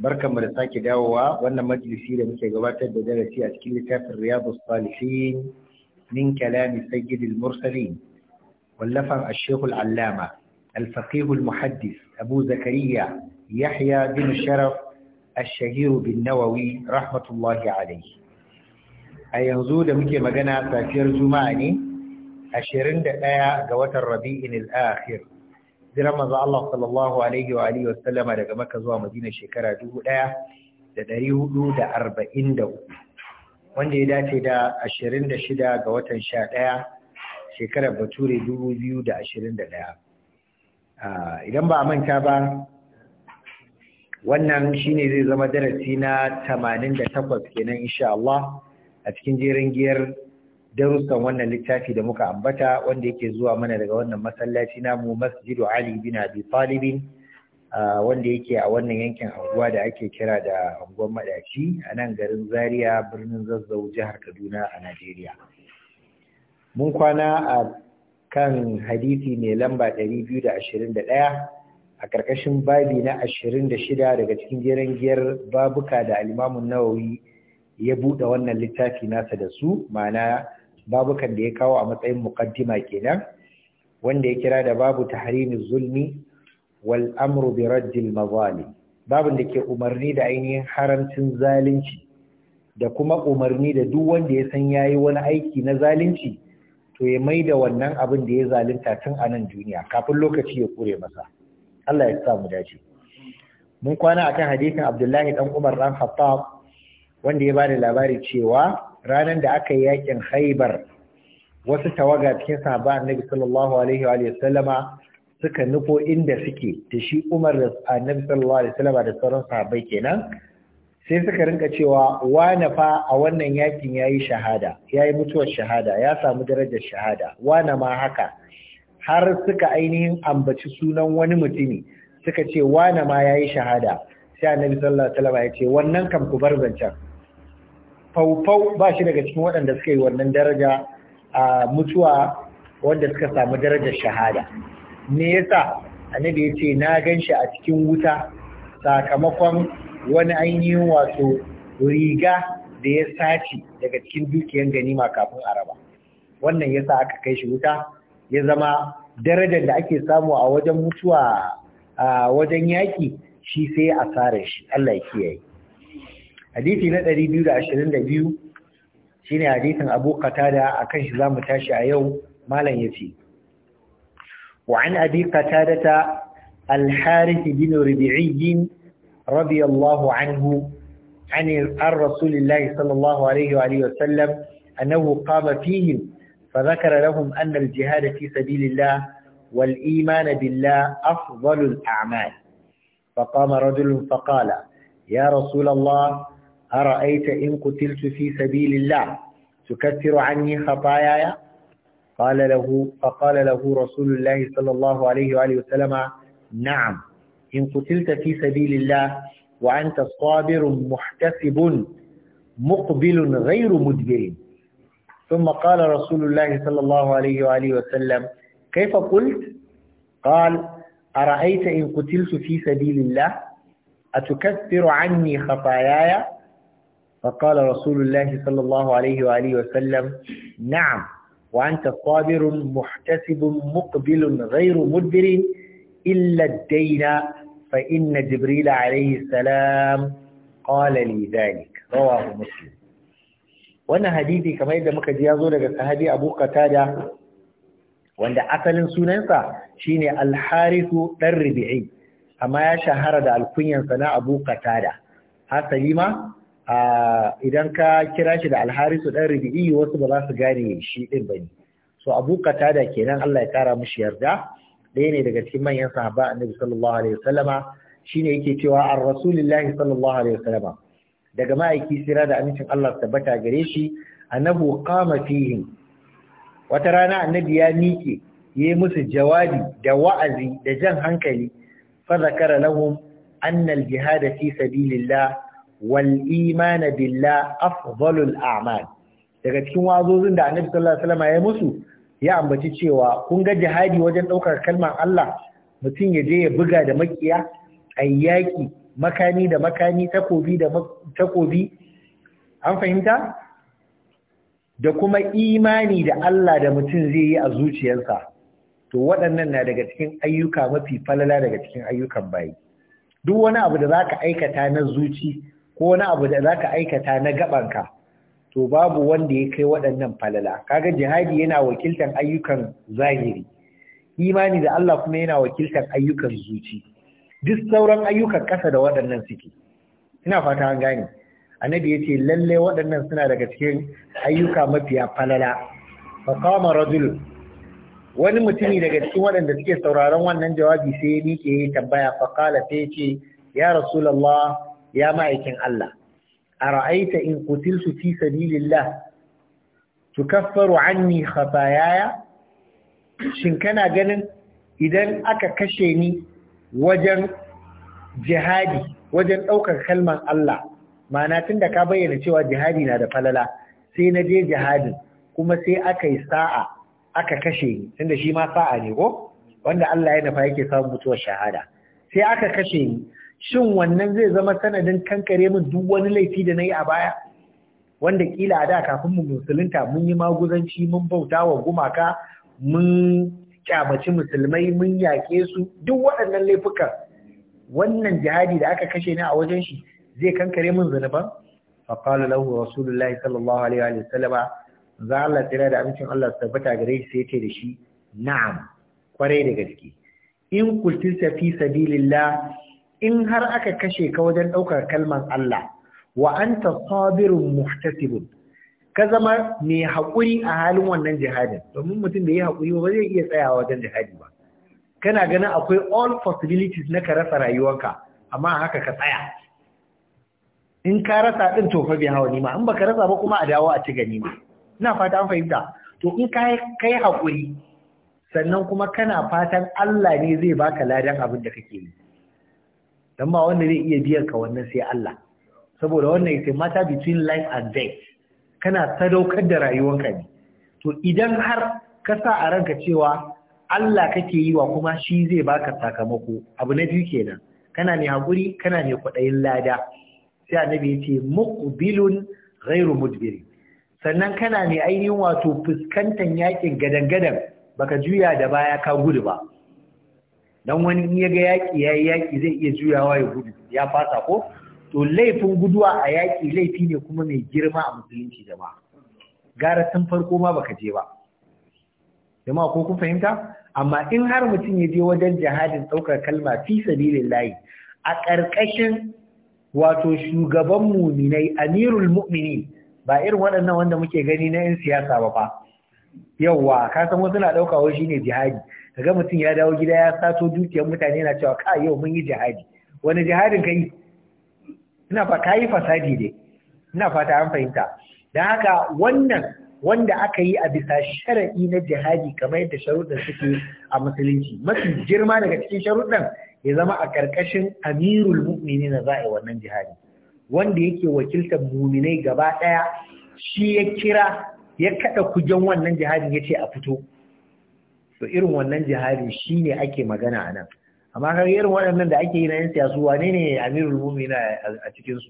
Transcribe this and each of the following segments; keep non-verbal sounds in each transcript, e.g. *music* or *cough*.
barkan mu da sake dawowa wannan majalisi da muke gabatar da darasi a cikin littafin riyadu salihin min kalami sayyid al-mursalin wallafan al shaykh al-allama al-faqih al-muhaddis abu zakariya yahya bin sharaf ash-shahir bin nawawi rahmatullahi alayhi a yanzu da muke magana safiyar juma'a ne 21 ga watan rabi'in al-akhir jiran manzo Allah sallallahu alaihi wa alihi wasallama daga Makka zuwa Madina shekara 1443 wanda ya dace da 26 ga watan 11 shekarar Bature 2021 idan ba manta ba wannan shine zai zama darasi na 88 kenan insha Allah a cikin jerin giyar darussan wannan littafi da muka ambata wanda yake zuwa mana daga wannan masallaci namu masjidu ali bin abi talibin wanda yake a wannan yankin anguwa da ake kira da anguwan madaci a nan garin zaria birnin zazzau jihar kaduna a najeriya mun kwana a kan hadisi mai lamba 221 a karkashin babi na 26 daga cikin jeren giyar babuka da alimamun nawawi ya buɗe wannan littafi nasa da su ma'ana babukan da ya kawo a matsayin muqaddima kenan wanda ya kira da babu tahrimi zulmi wal amru bi raddil mazalim babin da ke umarni da ainihin haramcin zalunci da kuma umarni da duk wanda ya san yayi wani aiki na zalunci to ya maida wannan abin da ya zalunta tun a nan duniya kafin lokaci ya kure masa Allah ya sa mu dace mun kwana akan hadisin Abdullahi dan Umar dan Khattab wanda ya bada labari cewa ranar da aka yi yakin haibar wasu tawaga cikin sahaba annabi sallallahu alaihi wa sallama suka nufo inda suke da shi Umar da annabi sallallahu alaihi wa sallama da sauran sahabbai kenan sai suka rinka cewa wane fa a wannan yakin yayi shahada yayi mutuwar shahada ya samu darajar shahada wane ma haka har suka ainihin ambaci sunan wani mutumi suka ce wane ma yayi shahada sai annabi sallallahu alaihi sallama ya ce wannan kam ku bar zancen faufau ba shi daga cikin waɗanda suka yi wannan daraja a mutuwa wanda suka samu darajar shahada me yasa annabi ya ce na gan shi a cikin wuta sakamakon wani ainihin wato riga da ya saci daga cikin dukiyar ganima kafin a raba wannan yasa aka kai shi wuta ya zama darajar da ake samu a wajen mutuwa a wajen yaƙi shi sai a sare shi Allah ya kiyaye hadisi na ɗari 222 shine hadisin Abu a kan shi zamu tashi a yau mallan yace wa an Abi Qatada al Harith bin Rabi'i radiyallahu anhu an ar-rasulillahi sallallahu alayhi wa alihi sallam annahu qama fihim fadhakara lahum anna al-jihad fi sabilillah wal iman billah afdalu al-a'mal faqama rajulun faqala ya rasulallah أرأيت إن قتلت في سبيل الله تكثر عني خطاياي قال له فقال له رسول الله صلى الله عليه وآله وسلم نعم إن قتلت في سبيل الله وأنت صابر محتسب مقبل غير مدبر ثم قال رسول الله صلى الله عليه وآله وسلم كيف قلت قال أرأيت إن قتلت في سبيل الله أتكثر عني خطاياي فقال رسول الله صلى الله عليه وآله وسلم نعم وأنت صابر محتسب مقبل غير مدبر إلا الدين فإن جبريل عليه السلام قال لي ذلك رواه مسلم wannan hadisi kamar yadda muka ji ya zo daga sahabi Abu Qatada wanda asalin sunansa shine al ɗan dan amma ya shahara da alkunyansa na Abu Qatada idan ka kira shi da alharisu ɗan ribi'i wasu ba za su gane shi ɗin ba ne so abu da kenan Allah ya kara mushi yarda ɗaya ne daga cikin manyan sahaba annabi sallallahu alaihi wasallama shine yake cewa an rasulillahi sallallahu alaihi wasallama daga ma'aiki sira da amincin Allah tabbata gare shi annabu qama fihi wata rana annabi ya miƙe yayi musu jawabi da wa'azi da jan hankali fa zakara lahum anna al-jihad fi sabilillah walimana billa billah afdalul a'mal daga cikin wazozin da annabi sallallahu alaihi wasallam ya musu ya ambaci cewa kun ga jihadi wajen daukar kalmar Allah mutum ya je ya buga da makiya ayyaki makani da makani takobi da takobi an fahimta da kuma imani da Allah da mutum zai yi a zuciyarsa to waɗannan na daga cikin ayyuka mafi falala daga cikin ayyukan bayi duk wani abu da za ka aikata na zuci ko wani abu da za ka aikata na gabanka to babu wanda ya kai waɗannan falala kaga jihadi yana wakiltar ayyukan zahiri imani da Allah kuma yana wakiltar ayyukan zuci duk sauran ayyukan ƙasa da waɗannan suke ina fata an gane annabi yace lalle waɗannan suna daga cikin ayyuka mafiya falala fa qama rajul wani mutumi daga cikin waɗanda suke sauraron wannan jawabi sai ya miƙe ya tambaya fa qala sai ce ya rasulullah ya ma'aikin Allah A ra'aita in qutiltu fi sabilillah tukaffaru anni khataayaya shin kana ganin idan aka kashe ni wajen jihadi wajen ɗaukar kalman Allah ma'ana tunda ka bayyana cewa jihadi na da falala sai na je jihadin kuma sai aka yi sa'a aka kashe ni tunda shi ma sa'a ne ko wanda Allah ya nafa yake samun mutuwar shahada sai aka kashe ni shin wannan zai zama sanadin kankare min duk wani laifi da na yi a baya wanda kila a da kafin mu musulunta mun yi maguzanci mun bauta wa gumaka mun kyamaci musulmai mun yaƙe su duk waɗannan laifukan wannan jihadi da aka kashe ni a wajen shi zai kankare min zunuban faqala lahu rasulullahi sallallahu alaihi wa sallama za Allah tsira da amincin Allah tabbata gare shi sai ce da shi na'am kwarai daga gaske in kultilta fi sabilillah in har aka kashe ka wajen ɗaukar kalman Allah wa anta sabirun muhtasibun ka zama mai haƙuri a halin wannan jihadin domin mutum da ya haƙuri ba zai iya tsayawa wajen jihadi ba kana ganin akwai all possibilities na ka rasa rayuwarka amma haka ka tsaya in ka rasa ɗin tofa bai hawa nima in baka rasa ba kuma a dawo a ci gani ma ina fata an fahimta to in ka kai haƙuri sannan kuma kana fatan Allah ne zai baka ladan abin da kake yi dan ba wanda zai iya biyar ka wannan sai Allah saboda wannan ita mata between life and death kana sadaukar da rayuwanka ne to idan har ka sa a ranka cewa Allah kake yi wa kuma shi zai baka sakamako abu na biyu kenan kana ne hakuri kana ne kwaɗayin lada sai annabi ya ce muqbilun ghairu mudbiri sannan kana ne ainihin wato fuskantan yakin gadan-gadan baka juya da baya ka gudu ba dan wani in ya ga yaƙi ya yi yaƙi zai iya juyawa ya gudu ya fasa ko to laifin guduwa a yaƙi laifi ne kuma mai girma a musulunci jama'a gara tun farko ma baka je ba jama'a ko kun fahimta amma in har mutum ya je wajen jihadin ɗaukar kalma fi sabilillahi a ƙarƙashin wato shugaban muminai amirul mu'minin ba irin waɗannan wanda muke gani na 'yan siyasa ba fa yawwa ka san wasu na ɗauka wai shine jihadi kaga mutum ya dawo gida ya sato dukiyar mutane na cewa ka yau mun yi jihadi wani jihadin kai ina fa kai fasadi ne ina fata an fahimta dan haka wannan wanda aka yi a bisa shar'i na jihadi kamar yadda sharuɗin suke a musulunci mafi girma daga cikin sharuɗin ya zama a ƙarƙashin amirul mu'mini na za'a wannan jihadi wanda yake wakiltar muminai gaba ɗaya shi ya kira ya kada kujen wannan jihadin ya ce a fito to irin wannan jihadin shi ne ake magana a nan amma har irin waɗannan da ake yi na yan siyasu wane ne amirul mumina a cikinsu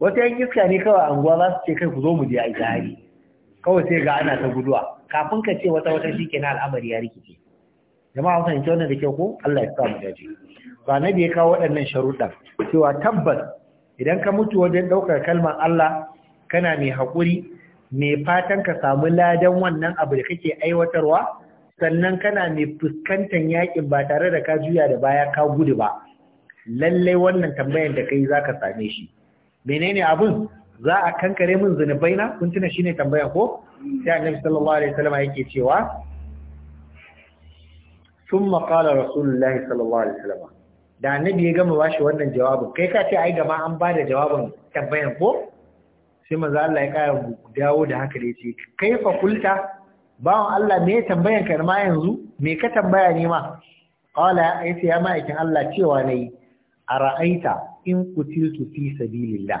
wata yan iska ne kawai anguwa za su ce kai ku zo mu je a jihadi kawai sai ga ana ta guduwa kafin ka ce wata wata shi na al'amari ya rikice jama'a kun fahimci wannan da kyau ko Allah ya sa mu dace to annabi ya kawo waɗannan sharuɗa cewa tabbas idan ka mutu wajen ɗaukar kalmar Allah kana mai haƙuri mai fatan ka samu ladan wannan abu da kake aiwatarwa sannan kana mai fuskantar yakin ba tare da ka juya da baya ka gudu ba lallai wannan tambayar da kai zaka same shi menene abun za a kankare min zunubai na kun tuna shine tambaya ko sai annabi sallallahu alaihi wasallam yake cewa thumma qala rasulullahi sallallahu alaihi wasallam da annabi ya gama bashi wannan jawabin kai ka ce ai gama an bada jawabin tambayan ko sai maza Allah ya kara dawo da haka da yace kaifa kulta bawan Allah me tambayan ka ma yanzu me ka tambaya ne ma qala yace ya ma'aikin Allah cewa nayi ara'aita in qutiltu fi sabilillah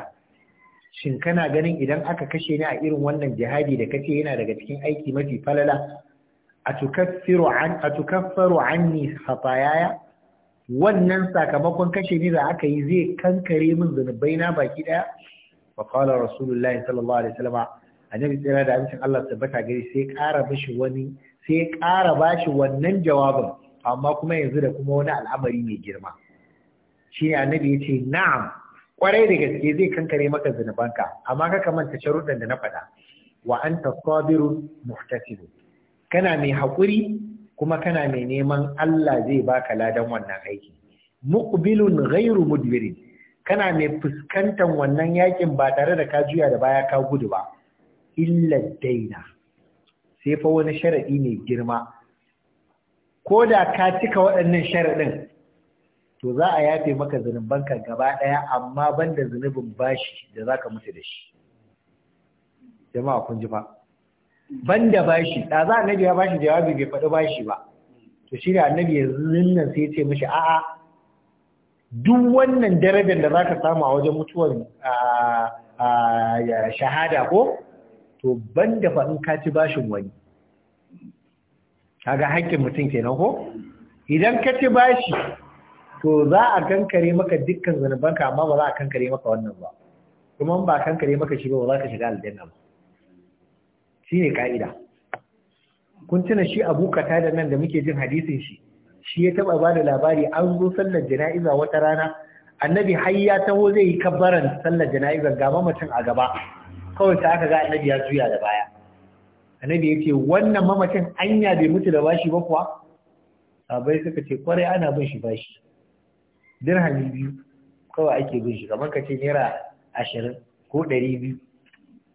shin kana ganin idan aka kashe ni a irin wannan jihadi da kace yana daga cikin aiki mafi falala atukaffiru an atukaffaru anni khatayaya wannan sakamakon kashe ni da aka yi zai kankare min na baki daya fa qala rasulullahi sallallahu alaihi wasallam annabi tsira da abincin Allah tabbata gari sai ƙara mishi wani sai ƙara bashi wannan jawabin amma kuma yanzu da kuma wani al'amari mai girma shi annabi yace na'am kwarai da gaske zai kankare maka ka amma ka manta sharuɗan da na faɗa wa anta sabirun muhtasib kana mai haƙuri kuma kana mai neman Allah zai baka ladan wannan aiki muqbilun ghairu mudbirin kana mai fuskantar wannan yakin ba tare da ka juya da baya ka gudu ba illa daina sai fa wani sharadi ne girma ko da ka cika waɗannan sharadin to za a yafe maka ka gaba ɗaya amma banda zunubin bashi da zaka mutu da shi jama'a kun ji ba banda bashi da za nabi ya bashi jawabi bai faɗi bashi ba to shi da annabi yanzu nan sai ya ce mishi a'a duk wannan darajar da zaka samu a wajen mutuwar shahada ko to ban fa in ka ci bashin wani kaga haƙƙin mutum kenan ko idan ka ci bashi to za a kankare maka dukkan zanubanka amma ba za a kankare maka wannan ba kuma ba kankare maka shi ba ba za ka shiga aljanna ba shine ka'ida kun tuna shi abu kata da nan da muke jin hadisin shi shi ya taba bada labari an zo sallar jana'iza wata rana annabi har ya taho zai yi kabbaran sallar jana'izar ga mamacin a gaba kawai ta aka ga annabi ya juya da baya annabi ya ce wannan mamacin anya bai mutu da bashi ba kuwa abai suka ce kwarai ana bin shi bashi dirhami biyu kawai ake bin shi kamar ka ce naira ashirin ko ɗari biyu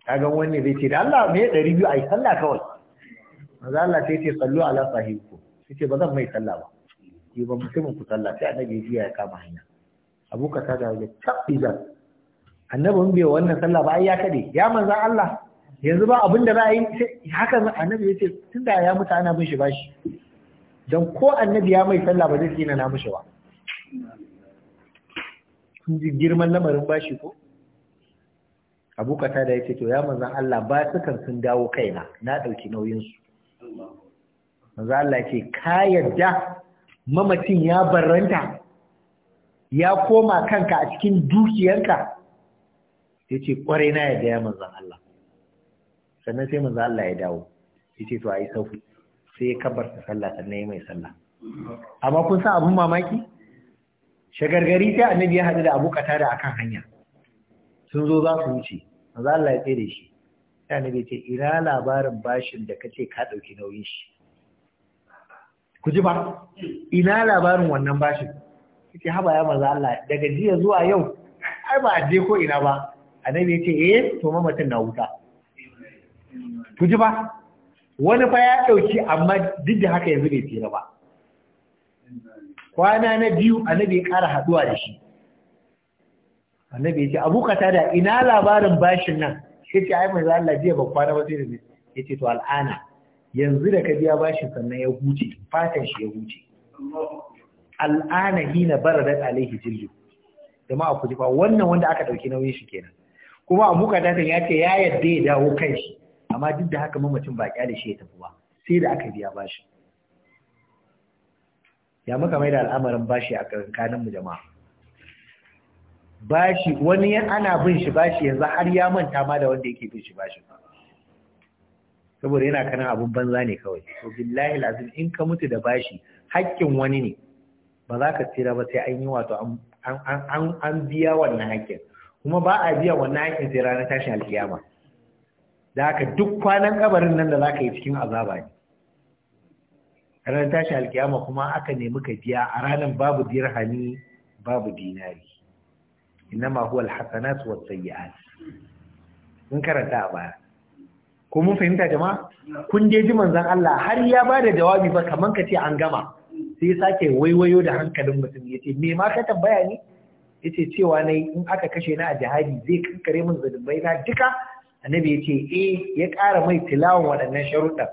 kagan wanne zai ce da Allah me ɗari biyu a yi sallah kawai maza Allah sai ce sallu ala sahibu sai ce ba zan mai sallah ba yi ba mutumin ku sallah sai annabi ya ya kama hanya abu ka ta dawo da Annabi annabin bai wannan sallah ba ai ya kade ya manzan Allah yanzu ba abin da za a yi haka annabi ya ce tun da ya mutu ana bin shi bashi don ko annabi ya mai sallah ba zai tsina na mushi ba sun ji girman lamarin bashi ko abu ka ta da ya ce to ya manzan Allah ba sukan sun dawo kaina na ɗauki nauyinsu manzan Allah ce ka yadda mamacin ya barranta ya koma kanka a cikin dukiyarka ya ce kwarai na ya manzan Allah sannan sai manzan Allah ya dawo ya ce to a yi sauki sai ya kabarta sallah sannan ya mai sallah amma kun sa abin mamaki shagargari sai annabi ya haɗu da abu da akan hanya sun zo za su wuce manzan Allah ya tsere shi sai annabi ya ce ina labarin bashin da kace ka ɗauki nauyin shi ku ji ba ina labarin wannan bashin suke haba ya maza Allah daga jiya zuwa yau ai ba a je ko ina ba annabi ya ce eh to mamacin na huta. ku ji ba wani fa ya dauki amma duk da haka yanzu bai tsira ba kwana na biyu annabi ya kara haduwa da shi annabi ya ce abu da ina labarin bashin nan sai ce ai manzo Allah jiya ba kwana ba sai da ya ce to al'ana yanzu da ka biya bashi sannan ya huce fatan shi ya huce al'ana hina baradat alaihi jillu jama'a ku ji wannan wanda aka dauki nauyin shi kenan kuma abu kadatan ya ce ya yadda ya dawo kai shi amma duk da haka mamacin ba kyale shi ya tafi ba sai da aka biya bashi ya muka mai da al'amarin bashi a kankanin mu jama'a bashi wani ana bin shi bashi yanzu har ya manta ma da wanda yake bin shi bashi saboda yana kana abun banza ne kawai to billahi lazim in ka mutu da bashi haƙƙin wani ne ba za ka tsira ba sai an yi wato an biya wannan haƙƙin kuma ba a biya wannan haƙƙin sai ranar tashin alkiyama da haka duk kwanan kabarin nan da za ka yi cikin azaba ne ranar tashin alkiyama kuma aka nemi ka biya a ranar babu dirhami babu dinari innama huwa alhasanat was sayyi'at mun karanta a baya ko mun fahimta jama'a kun je ji manzon Allah har ya ba da jawabi ba kaman ka ce an gama sai ya sake waiwayo da hankalin mutum yace me ma ka tambaya ni yace cewa ne in aka kashe ni a jihadi zai kankare min zulubai na duka annabi yace eh ya ƙara mai tilawon waɗannan sharuɗa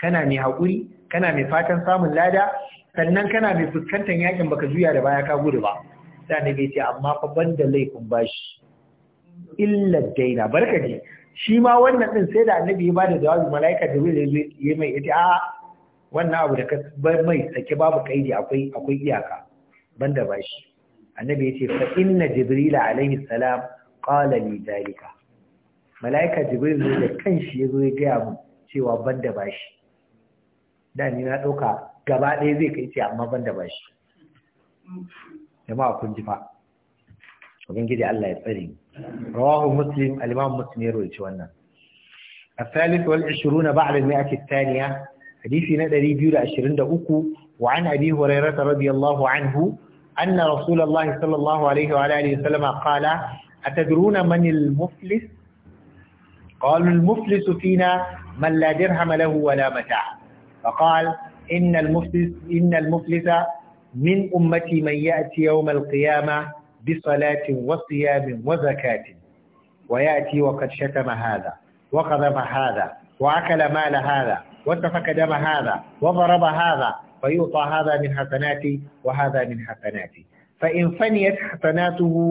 kana mai haƙuri kana mai fatan samun lada sannan kana mai fuskantar yakin baka juya da baya ka gudu ba sai annabi yace amma fa banda laifin bashi illa daina barkaji shi ma wannan din sai da annabi ya bada jawabi malaika da ya zai yi mai ita a wannan abu da ka bar mai sake babu kaidi akwai akwai iyaka banda bashi annabi yace fa inna jibril alaihi salam qala li zalika malaika jibril ne da kanshi ya zo ya ga mu cewa banda bashi da ni na dauka gaba ɗaya zai kai ce amma banda bashi jama'a kun ji fa ubangiji Allah ya tsare mu رواه مسلم الإمام مسلم يروي شوانا الثالث والعشرون بعد المئة الثانية حديث ندري بيولا عشرين دقوكو وعن أبي هريرة رضي الله عنه أن رسول الله صلى الله عليه وعلى آله وسلم قال أتدرون من المفلس قالوا المفلس فينا من لا درهم له ولا متاع فقال إن المفلس إن المفلس من أمتي من يأتي يوم القيامة بصلاة وصيام وزكاة ويأتي وقد شتم هذا وقذف هذا وأكل مال هذا واتفك دم هذا وضرب هذا فيعطى هذا من حسناتي وهذا من حسناتي فإن فنيت حسناته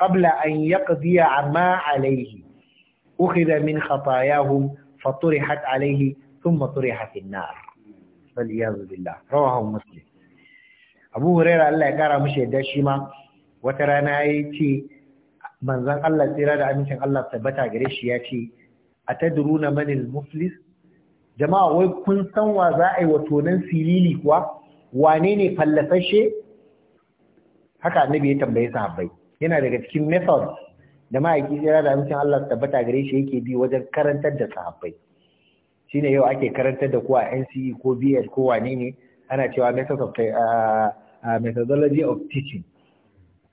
قبل أن يقضي عما عليه أخذ من خطاياهم فطرحت عليه ثم طرح في النار والعياذ بالله رواه مسلم أبو هريرة الله ya kara mishi wata rana ya ce manzon Allah tsira da amincin Allah tabbata gare shi ya ce atadruna manil muflis jama'a wai kun san wa za a yi wa tonan silili kuwa wane ne fallasashe haka annabi ya tambaye sahabbai yana daga cikin method da ma'aiki tsira da amincin Allah tabbata gare shi yake bi wajen karantar da sahabbai shine yau ake karantar da e ko a NCE ko BS ko wane ne ana cewa method of eh, eh, methodology of teaching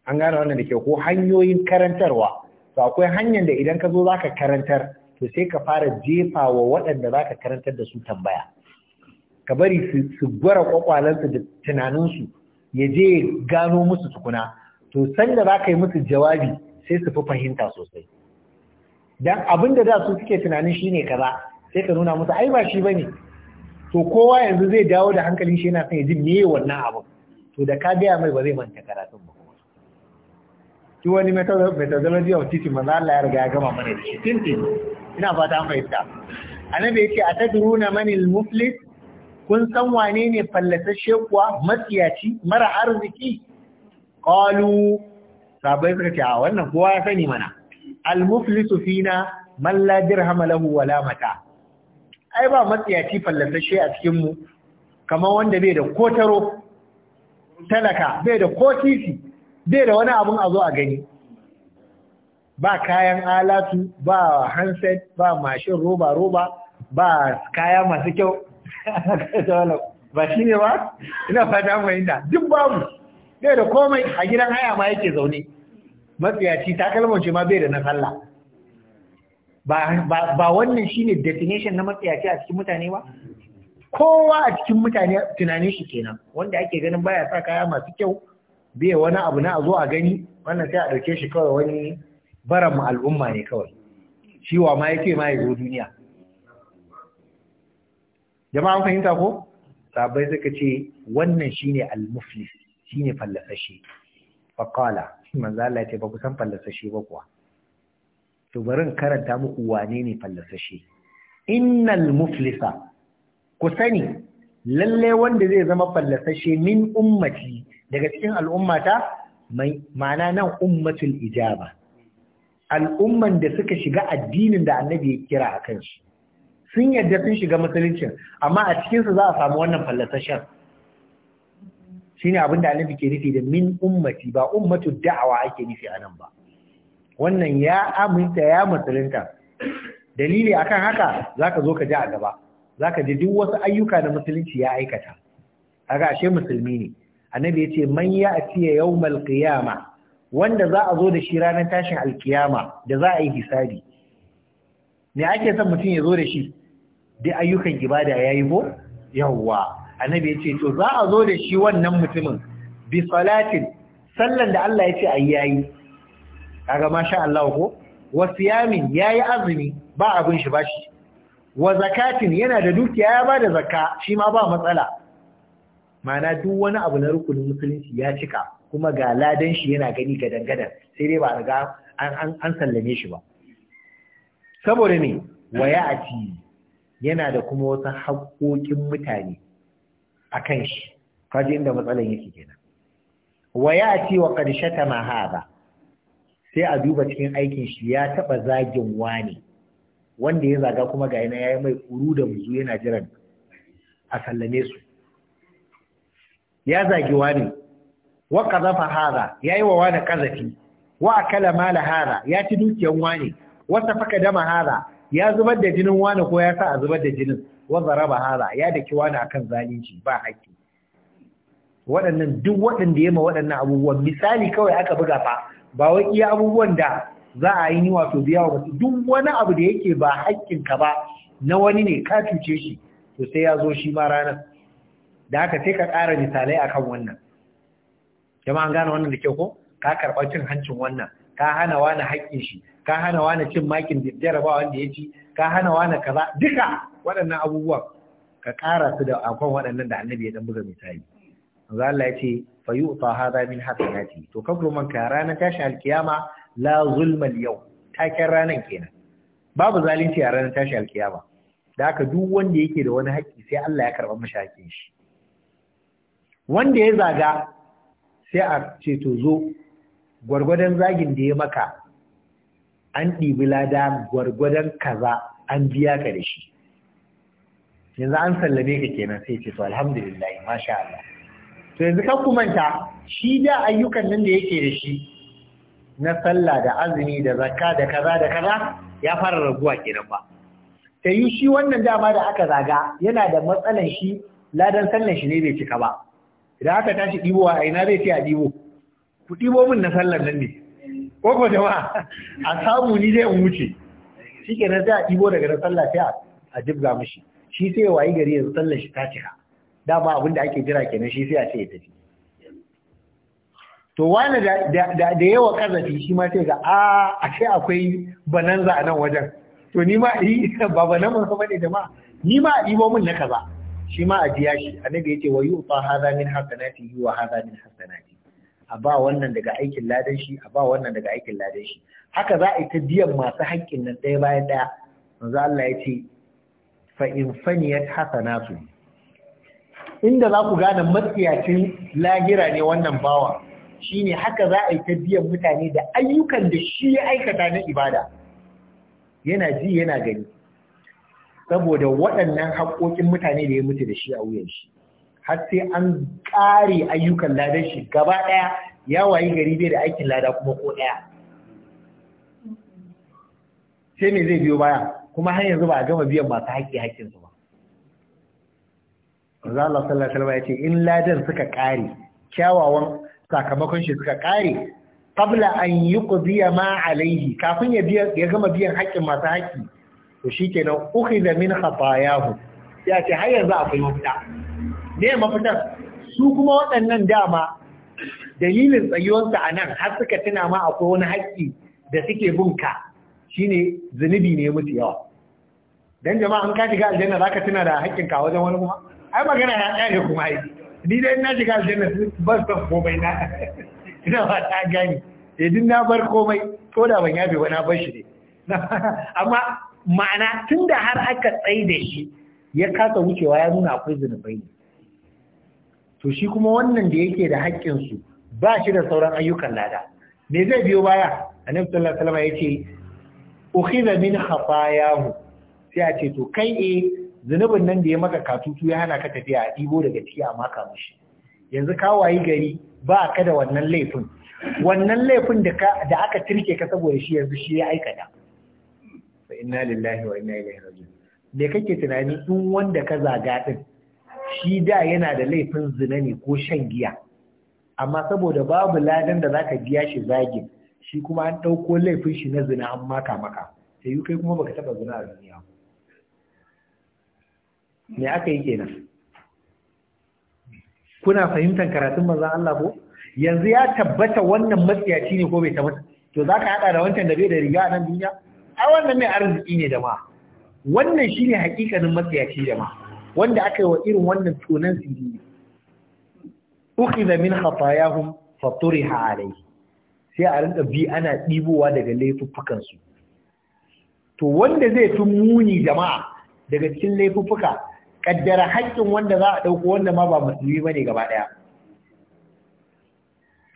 an gane wannan da ke ko hanyoyin karantarwa to akwai hanyar da idan ka zo za ka karantar to sai ka fara jefa wa waɗanda za ka karantar da su tambaya ka bari su gwara kwakwalansu da tunaninsu ya je gano musu tukuna to sanda za ka yi musu jawabi sai su fi fahimta sosai dan abin da da su suke tunanin shi ne kaza sai ka nuna musu ai ba shi ne. to kowa yanzu zai dawo da hankalin shi yana son ya ji ye wannan abu to da ka gaya mai ba zai manta karatun ba duk wani methodology of teaching manzo Allah ya riga ya gama mana da shi tintin ina fata an fahimta annabi yace na manil muflis kun san wane ne fallasashe kuwa matsiyaci mara arziki qalu sabai suka ce a wannan kowa ya sani mana al muflisu fina man dirham lahu wala mata ai ba matsiyaci fallasasshe a cikin mu kamar wanda bai da kotaro talaka bai da kotisi bai da wani abun a zo a gani ba kayan alatu ba hanset ba mashin roba roba ba kaya masu kyau *laughs* ba shi ne ba ina fata fahimta duk babu bai da komai a gidan haya ma yake zaune matsiyaci takalmanci ma bai da na sallah ba wannan shi ne definition na matsiyaci a cikin mutane ba kowa a cikin mutane tunanin shi kenan wanda ake ganin baya sa kaya masu kyau bai wani abu na a zo a gani wannan sai a ɗauke shi kawai wani baran mu al'umma ne kawai shi wa ma yake ma ya zo duniya jama'a an fahimta ko sabai suka ce wannan shine al-muflis shine fallasashe faqala manzo Allah ya ce ba ku san fallasashe ba kuwa to bari in karanta muku wane ne fallasashe innal muflisa ku sani lalle wanda zai zama fallasashe min ummati daga cikin al'ummata mai ma'ana nan ummatul ijaba al'umman da suka shiga addinin da annabi ya kira a kan shi sun yadda sun shiga musuluncin amma a cikinsu za a samu wannan fallasashen shine abin da annabi ke nufi da min ummati ba ummatu da'awa ake nufi a nan ba wannan ya aminta ya musulunta dalili akan haka zaka zo ka ji a gaba zaka ji duk wasu ayyuka na musulunci ya aikata kaga ashe musulmi ne annabi yace man atiya yawmal qiyama wanda za a zo da shi ranar tashin alkiyama da za a yi hisabi me ake son mutum ya zo da shi da ayyukan ibada yayi ko yawwa annabi yace to za a zo da shi wannan mutumin bi salatin sallan da Allah yace ayi yayi kaga masha Allah ko wa siyamin yayi azumi ba abin shi bashi wa zakatin yana da dukiya ya bada zakka shi ma ba matsala ma'ana duk wani abu na rukunin musulunci ya cika kuma ga ladan shi yana gani ga dangadan sai dai ba riga an sallame shi ba saboda ne waya a ci yana da kuma wasu haƙoƙin mutane a kan shi kaji inda matsalar yake kenan waya a ci wa ƙarshe ta mahaba sai a duba cikin aikin shi ya taɓa zagin wani wanda ya zaga kuma ga yana ya yi mai kuru da buzu yana jiran a sallame su ya zagi wani wa hara. Ya yi wa wani kazafi wa akala mala hada ya ci dukiyan wani wa da dama hada ya zubar da jinin wani ko ya sa a zubar da jinin wa zaraba hada ya daki wani akan zalunci ba haƙƙi waɗannan duk waɗanda ya ma waɗannan abubuwan misali kawai aka buga fa ba wai iya abubuwan da za a yi ni wato biya wa mutum duk wani abu da yake ba haƙƙinka ba na wani ne ka cuce shi to sai ya zo shi ma ranar da aka sai ka ƙara misalai akan wannan jama'a an gane wannan da kyau ko ka karɓa cin hancin wannan ka hana wani haƙƙin shi ka hana wani cin makin jarabawa wanda ya ci ka hana wani kaza duka waɗannan abubuwan ka ƙara su da akwai waɗannan da annabi ya ɗan buga misali manzo Allah ya ce fa ha za min ce. to ka kuma ka ranar tashin alkiyama la zulma yau? taken ranar kenan babu zalunci a ranar tashi alkiyama da aka duk wanda yake da wani haƙƙi sai Allah ya karɓa mashi haƙƙin shi wanda ya zaga sai a ce to zo gwargwadon zagin da ya maka an ɗibi lada gwargwadon kaza an biya ka da shi yanzu an sallame ka kenan sai ce to alhamdulillah masha Allah to yanzu kan kumanta shi da ayyukan nan da yake da shi na sallah da azumi da zakka da kaza da kaza ya fara raguwa kenan ba ta yi shi wannan dama da aka zaga yana da matsalan shi ladan sallan shi ne bai cika ba idan aka tashi ɗibowa a ina zai ce a ɗibo ku ɗibo min na sallar nan ne ko ko jama'a a samu ni zai wuce shi ke nan sai a ɗibo daga na sallar sai a jibga mishi shi sai ya wayi gari yanzu sallar shi ta cika dama abin da ake jira kenan shi sai a ce ya tafi to wani da yawa kazafi shi ma sai ga a a ce akwai bananza a nan wajen to ni ma *laughs* ba bananza ba ne jama'a ni ma a ɗibo min na kaza shi ma a biya shi annabi yace wa yu'ta hadha min hasanati wa hadha min hasanati a ba wannan daga aikin ladan shi a ba wannan daga aikin ladan shi haka za a yi ta biyan masu haƙƙin nan ɗaya bayan ɗaya manzo Allah yace fa in faniyat hasanatu inda za ku gane matsiyacin lahira ne wannan bawa shine haka za a yi ta biyan mutane da ayyukan da shi ya aikata na ibada yana ji yana gani saboda waɗannan haƙoƙin mutane da ya mutu da shi a wuyan shi har sai an ƙare ayyukan Ladan shi gaba ɗaya ya wayi gari bai da aikin lada kuma ko ɗaya sai me zai biyo baya kuma har yanzu ba a gama biyan masu haƙƙi su ba za Allah sallallahu alaihi wasallam ya ce in ladan suka ƙare kyawawan sakamakon shi suka ƙare qabla an yuqdiya ma alaihi kafin ya biya ya gama biyan haƙƙin masu haƙƙi to shikenan da min khatayahu ya ce har yanzu akwai mafita Ne mafitar su kuma waɗannan dama dalilin tsayuwarsa a nan har suka tuna ma akwai wani haƙƙi da suke bunka ne zunubi ne mutu yawa Don jama'a an ka shiga aljanna za ka tuna da haƙƙinka wajen wani kuma ai magana ya kare kuma ai ni dai na shiga aljanna bar san komai na *laughs* ina ba ta gani idan eh, na bar komai ko da ban yabe ba na bar shi ne *laughs* amma ma'ana tun da har aka tsaye da shi ya kasa wucewa ya nuna akwai zunubai ne to shi kuma wannan da yake da haƙƙinsu ba shi da sauran ayyukan lada me zai biyo baya annabi sallallahu Salama ya ce ukhiza min hu sai a ce to kai e zunubin nan da ya maka katutu ya hana ka tafiya a ɗibo daga ciki a maka mushi yanzu ka wayi gari ba ka da wannan laifin wannan laifin da aka tirke ka saboda shi yanzu shi ya aikata inna lillahi wa inna ilaihi raji'un me kake tunani in wanda ka zaga din shi da yana da laifin zina ne ko shan giya amma saboda babu ladan da zaka biya shi zagin shi kuma an dauko laifin shi na zina an maka maka sai yi kai kuma baka taba zina a duniya me aka yi kenan kuna fahimtar karatun manzon Allah ko yanzu ya tabbata wannan matsiyaci ne ko bai tabbata to zaka hada da wancan da bai da riga a nan duniya a wannan mai arziki ne da ma wannan shine hakikanin matsayaci da ma wanda aka yi wa irin wannan tunan sirri ukhidha min khatayahum faturiha alayhi sai a rinka bi ana ɗibowa daga laifuffukansu. to wanda zai fi muni jama'a daga cikin laifuffuka kaddara haƙƙin wanda za a ɗauko wanda ma ba musulmi bane gaba ɗaya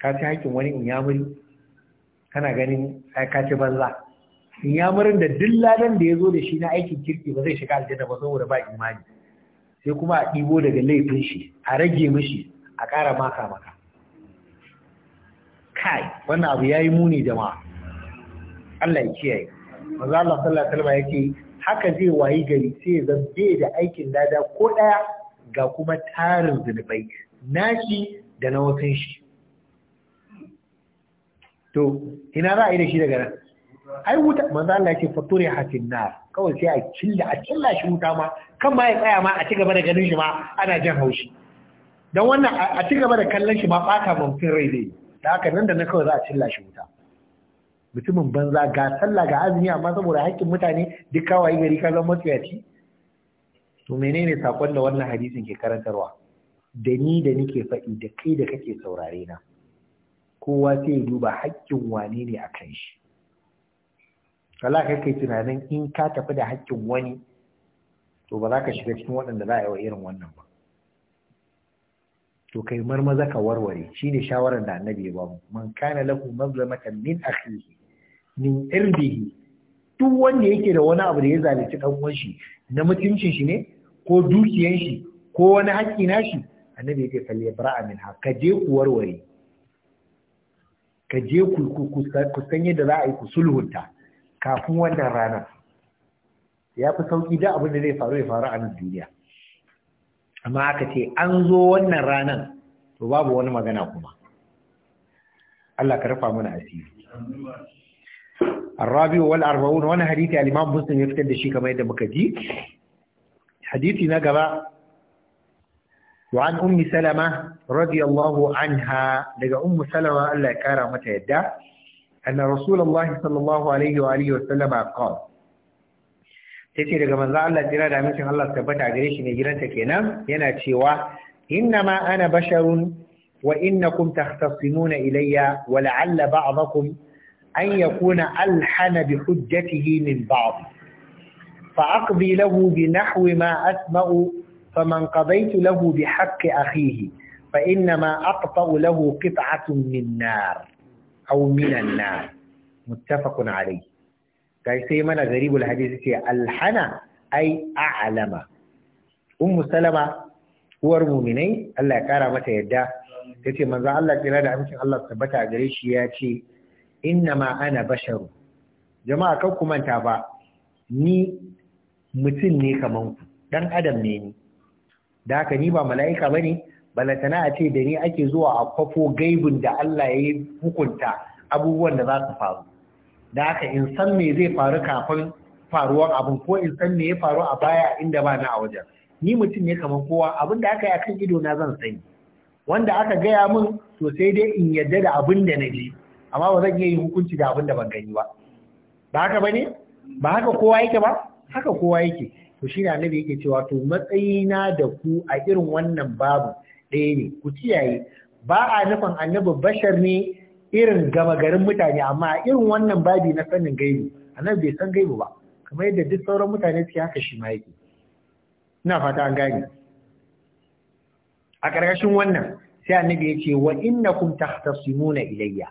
ka ci haƙƙin wani in ya muni kana ganin sai ka ci banza inyamurin da duk ladan da ya zo da shi na aikin kirki ba zai shiga aljanna ba saboda ba imani sai kuma a ɗibo daga laifin shi a rage mishi a ƙara maka maka kai wannan abu ya yi muni jama'a Allah ya kiyaye maza Allah sallallahu alaihi wasallam yake haka zai wayi gari sai zan bai da aikin dada ko ɗaya ga kuma tarin zunubai nashi da na wasan shi to ina za a yi da shi daga nan ai wuta manzo Allah yake fature hatin nar kawai sai a killa a killa shi wuta ma kan ma ya tsaya ma a ci da ganin shi ma ana jan haushi dan wannan a ci gaba da kallon shi ma bata mumkin rai dai da haka nan da na kawai za a killa shi wuta mutumin banza ga sallah ga azumi amma saboda haƙƙin mutane duk kawai gari ka zama matsayaci to menene sakon da wannan hadisin ke karantarwa da ni da nike faɗi da kai da kake saurare na kowa sai ya duba haƙƙin wane ne a kan shi sala ka kai tunanin in ka tafi da haƙƙin wani to ba za ka shiga cikin waɗanda za a yi wa irin wannan ba to kai marmaza ka warware shi ne shawarar da annabi ya ba mu man kana lahu mazlamatan min akhihi min irdihi duk wanda yake da wani abu da ya zalunci dan uwan shi na mutuncin shi ne ko dukiyan shi ko wani haƙƙi na shi annabi yake falle bara min ha ka je ku warware ka je ku san yadda za a yi ku sulhunta kafin wannan ranar ya fi sauƙi da abin da zai faru ya faru a nan duniya amma aka ce an zo wannan ranar to babu wani magana kuma Allah ka rufa mana asiri الرابع والأربعون وانا حديثي الإمام مسلم يفتد شيء كما يدى مكجي حديثي نقبع وعن أم سلمة رضي الله عنها لقى أم سلمة الله mata يدى أن رسول الله صلى الله عليه وآله وسلم قال تسير لغا من ذا الله تراد عمي شخص الله سبت عقريش نجرن تكينا ينا تشيوا إنما أنا بشر وإنكم تختصمون إلي ولعل بعضكم أن يكون ألحن بحجته من بعض فأقضي له بنحو ما أسمأ فمن قضيت له بحق أخيه فإنما أقطأ له قطعة من نار aw minan nar muttafaqun alayhi kai sai mana garibul hadisi ce alhana ai a'lama ummu salama uwar muminai Allah ya kara mata yadda tace manzo Allah kira da amincin Allah tabbata a gare shi ya ce innama ana basharu jama'a kan ku manta ba ni mutum ne kaman ku dan adam ne ni da haka ni ba mala'ika bane balatana a ce da ni ake zuwa a kwafo gaibin da Allah ya yi hukunta abubuwan da za su faru da haka in san me zai faru kafin faruwar abin ko in san me ya faru a baya inda ba na a wajen ni mutum ne kamar kowa abin da aka yi kan ido na zan sani wanda aka gaya min to sai dai in yadda da abin da na ji amma ba zan iya yin hukunci da abin da ban gani ba ba haka ne? ba haka kowa yake ba haka kowa yake to shi annabi yake cewa to matsayina da ku a irin wannan babu ɗaya ne ku kiyaye ba a nufin annabi bashar ne irin gama garin mutane amma irin wannan babi na sanin gaibu annabi bai san gaibu ba kamar yadda duk sauran mutane su haka shi ma yake ina fata an gane a ƙarƙashin wannan sai annabi ya ce wa innakum tahtasimuna ilayya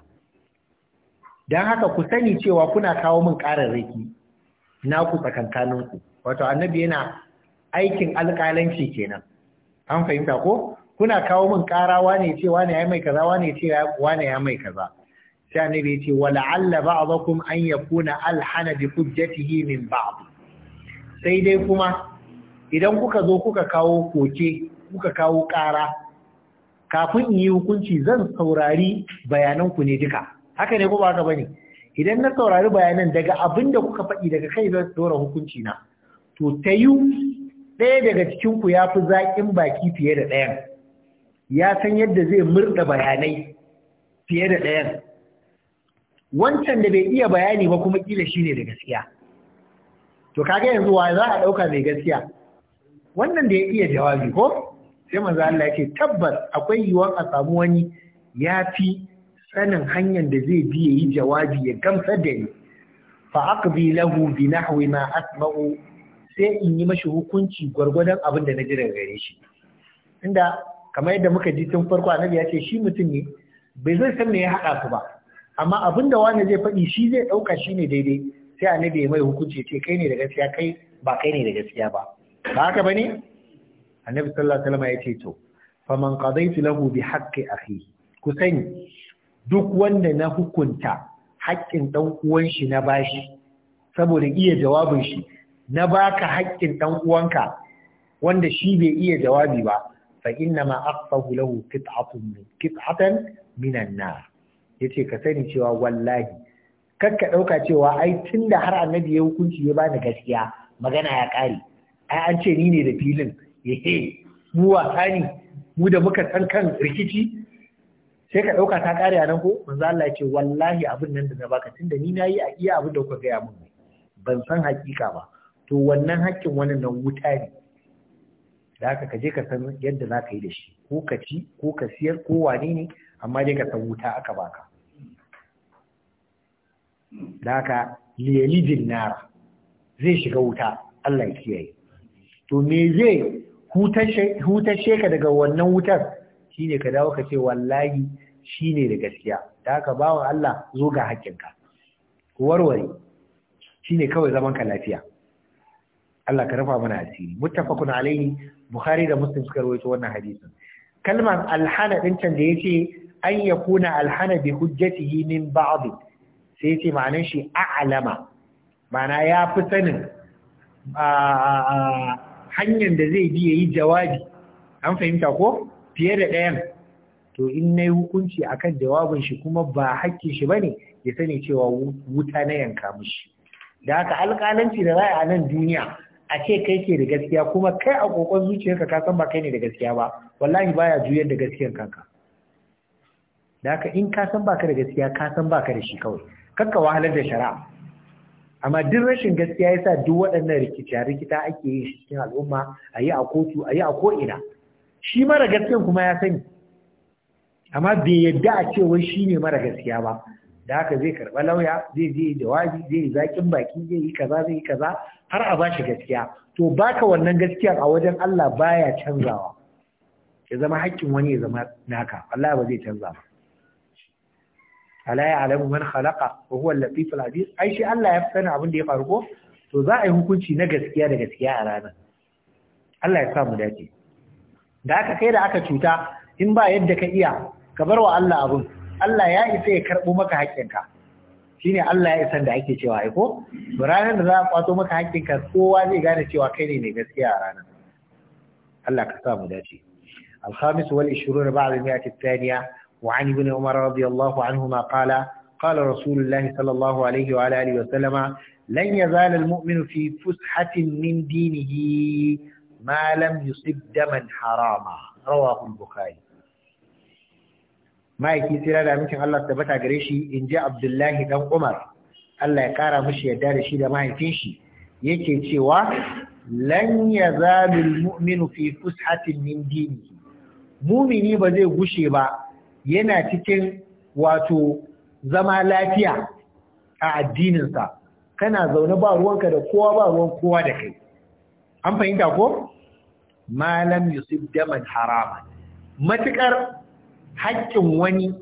dan haka ku sani cewa kuna kawo min ƙararraki na ku tsakankanin wato annabi yana aikin alƙalanci kenan an fahimta ko kuna kawo min ƙara wane ce wane ya mai kaza wane ce wane ya mai kaza sai annabi ya ce wala'alla ba'dakum an yakuna alhana bi hujjatihi min ba'd sai dai kuma idan kuka zo kuka kawo koke kuka kawo ƙara kafin in yi hukunci zan saurari bayanan ku ne duka haka ne ko ba haka bane idan na saurari bayanan daga abin da kuka faɗi daga kai zan saurari hukunci na to ta yi ɗaya daga cikin ku ya fi zaƙin baki fiye da ɗayan ya san yadda zai murda bayanai fiye da ɗayan wancan da bai iya bayani ba kuma kila shi ne da gaskiya to kaga yanzu wa za a ɗauka mai gaskiya wannan da ya iya jawabi ko sai manzo Allah ya ce tabbas akwai yiwuwar a samu wani ya fi sanin hanyar da zai bi yi jawabi ya gamsar da ni fa aqbi lahu bi nahwi ma asma'u sai in yi mashi hukunci gwargwadon abin da na ji daga gare shi inda kamar yadda muka ji tun farko annabi ya ce shi mutum ne bai zai san me ya haɗa su ba amma abin da wani zai faɗi shi zai ɗauka shi ne daidai sai annabi ya mai hukunci ce kai ne da gaskiya kai ba kai ne da gaskiya ba ba haka bane annabi sallallahu alaihi wasallam ya ce to fa man qadaytu lahu bi haqqi akhi ku sani duk wanda na hukunta haƙƙin ɗan uwan shi na bashi saboda iya jawabin shi na baka haƙƙin ɗan uwanka wanda shi bai iya jawabi ba fa inna ma aqfahu lahu qit'atun min qit'atan yace ka sani cewa wallahi ka dauka cewa ai da har annabi ya hukunci ya bani gaskiya magana ya kare ai an ce ni ne da filin ehe mu wasa ne mu da muka san kan rikici sai ka dauka ta kare a nan ko manzo Allah ya ce wallahi abin nan da na baka da ni nayi a iya abin da kuka gaya min. ban san hakika ba to wannan hakkin wani nan wuta ne da haka ka je ka san yadda za ka yi da shi ko ka ci ko ka siyar ko wane ne amma dai ka san wuta aka baka da haka liyalidin nara zai shiga wuta Allah ya kiyaye to me zai hutashe ka daga wannan wutar shine ka dawo ka ce wallahi shine da gaskiya da haka wa Allah zo ga hakkinka warware shine kawai zaman ka lafiya Allah ka rafa mana asiri muttafaqun alaihi bukhari da muslim suka rawaito wannan hadisin kalmar alhana din can da yace an yakuna alhana bi hujjatihi min ba'd sai yace ma'anar shi a'lama ma'ana ya fi sanin hanyar da zai bi yayi jawabi an fahimta ko fiye da ɗayan to in nayi hukunci akan jawabin shi kuma ba hakki shi bane ya sani cewa wuta na yanka mishi da haka alƙalanci da ra'ayi a nan duniya a ce kai ke da gaskiya kuma kai a kokon zuciyarka ka san ba kai ne da gaskiya ba wallahi baya juyar da gaskiyar kanka da haka in ka san baka da gaskiya ka san baka da shi kawai kanka wahalar da shari'a amma duk rashin gaskiya yasa duk waɗannan rikica rikita ake yi shi cikin al'umma a yi a kotu a yi a ko'ina shi mara gaskiyan kuma ya sani amma bai yadda a ce wai shi ne mara gaskiya ba da haka zai karɓa lauya zai je jawabi zai yi zaƙin baki zai yi kaza zai yi kaza har a bashi gaskiya to baka wannan gaskiyar a wajen Allah baya canzawa ya zama haƙƙin wani ya zama naka Allah ba zai canza ba ala alamu man khalaqa wa huwa al al ai shi Allah ya sani abin da ya faru ko to za a yi hukunci na gaskiya da gaskiya a ranar Allah ya sa mu dace da aka kai da aka cuta in ba yadda ka iya ka bar wa Allah abun Allah ya isa ya karɓo maka haƙƙinka shine Allah ya isan da ake cewa ai ko ranar da za a kwato maka hakkinka kowa zai gane cewa kai ne mai gaskiya a ranar Allah ka sa mu dace الخامس والعشرون بعد المئة الثانية وعن ابن عمر رضي الله عنهما قال قال رسول الله صلى الله عليه وعلى آله وسلم لن يزال المؤمن في فسحة من دينه ما لم يصب دما حراما رواه البخاري ma'aiki sai da amincin Allah su bata gare shi in ji Abdullahi dan Umar Allah ya kara mishi yadda da shi da mahaifin shi yake cewa lan yazalul mu'minu fi fushatin min dinihi mumini ba zai gushe ba yana cikin wato zama lafiya a addininsa kana zaune ba ruwanka da kowa ba ruwan kowa da kai an fahimta ko malam yusuf daman harama matukar haƙƙin wani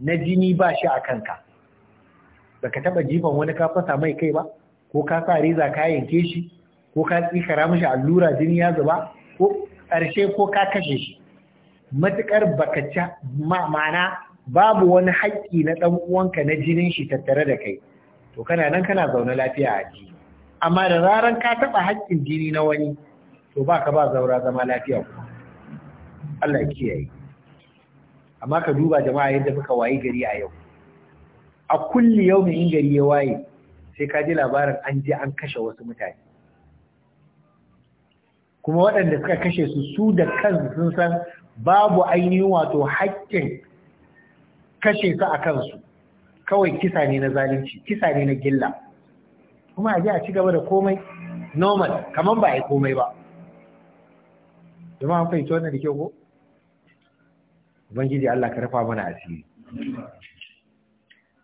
na jini ba shi a kanka ba ka taɓa jifan wani ka fasa mai kai ba ko ka sa reza ka yanke shi ko ka tsikara mashi allura jini ya zuba ko ƙarshe ko ka kashe shi matuƙar ba ka ci ma'ana babu wani haƙƙi na ɗan uwanka na jinin shi tattare da kai to kana nan kana zaune lafiya a jini amma da zaran ka taɓa haƙƙin jini na wani to ba ka ba zaura zama lafiya kuma. Allah kiyaye amma ka duba jama'a yadda muka wayi gari a yau a kulli yau in gari ya waye sai ka ji labarin an je an kashe wasu mutane kuma waɗanda suka kashe su su da kansu sun san babu ainihin wato haƙƙin kashe su a kansu kawai kisa ne na zalunci kisa ne na gilla kuma a je a ci gaba da komai normal kamar ba a yi komai ba jama'a an fahimci wannan da kyau ko ubangiji Allah ka rafa mana asiri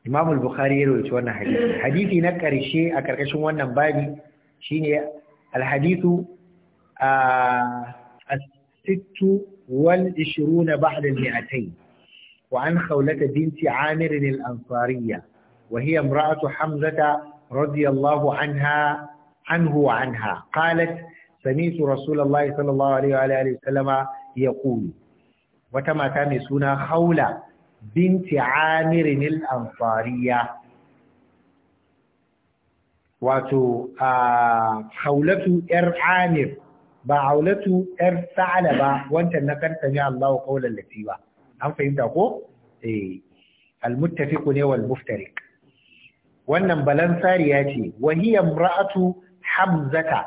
Imam al-Bukhari ya rawaito wannan hadisi hadisi na ƙarshe a ƙarƙashin wannan babi shine al-hadithu as-sittu wal 20 ba'da al-mi'atayn wa an khawlata binti Amir al-Ansariyya wa hiya imra'atu Hamza radiyallahu anha anhu wa anha qalat sami'tu Rasulullah sallallahu alaihi wa alihi wa sallama wata mata mai suna haula binti amirin al'amfariya wato a haulatu ‘yar amir ba haulatu ‘yar sa'ala ba wancan na kanta ne Allah kaular lati ba an fahimta ko? eh almuttafiku ne wal muftarik wannan balansariya ce wahiyar ra'atu hamzata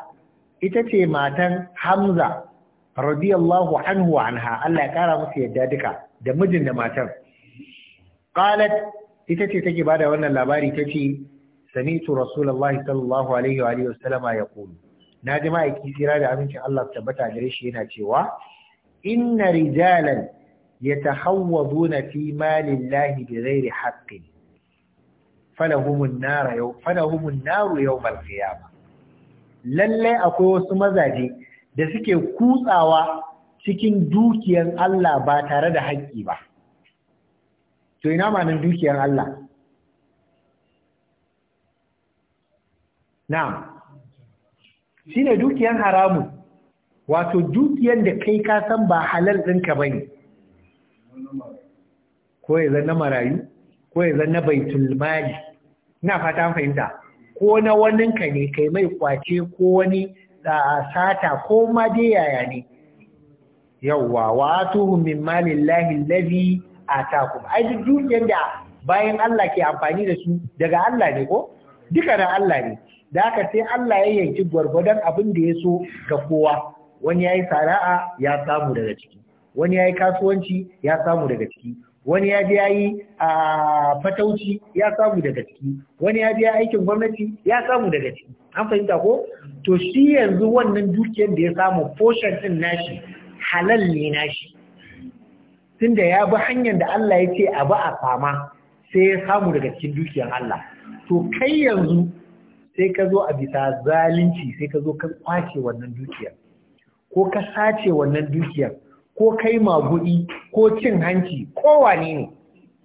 ita ce matan hamza radiyallahu anhu anha Allah ya kara musu yadda duka da mijin da matar. qalat ita ce take bada wannan labari tace sami'tu rasulullahi sallallahu alaihi wa alihi wasallama yaqulu na ji ma'aiki tsira da amincin Allah tabbata gare shi yana cewa inna rijalan yatahawwaduna fi malillahi bighairi haqqin falahumun nar yau falahumun nar yawm al-qiyamah lalle akwai wasu mazaje da suke kutsawa cikin dukiyar Allah ba tare da haƙƙi ba to ina manin dukiyar Allah Na, shi ne dukiyar haramun wato dukiyar da kai kasan ba halal ɗinka ba ne ko ya zan na marayu ko ya zan na baitul mali ina fata fahimta ko na waninka ne kai mai kwace ko wani sata ko ma dai yaya ne yawwa wa atuhum min malillahi allazi atakum ai duk dukiyar da bayan Allah ke amfani da su daga Allah ne ko duka na Allah ne da haka sai Allah ya yanki gwargwadon abin da ya so ga kowa wani yayi sana'a ya samu daga ciki wani yayi kasuwanci ya samu daga ciki wani ya biya yi a fatauci ya samu daga ciki wani ya biya aikin gwamnati ya samu daga ciki an fahimta ko to shi yanzu wannan dukiyar da ya samu portion din nashi halal ne nashi tunda ya bi hanyar da Allah ya ce a ba a fama sai ya samu daga cikin dukiyar Allah to kai yanzu sai ka zo a bisa zalunci sai ka zo ka kwace wannan dukiyar ko ka sace wannan dukiyar ko kai magudi ko cin hanci ko wane ne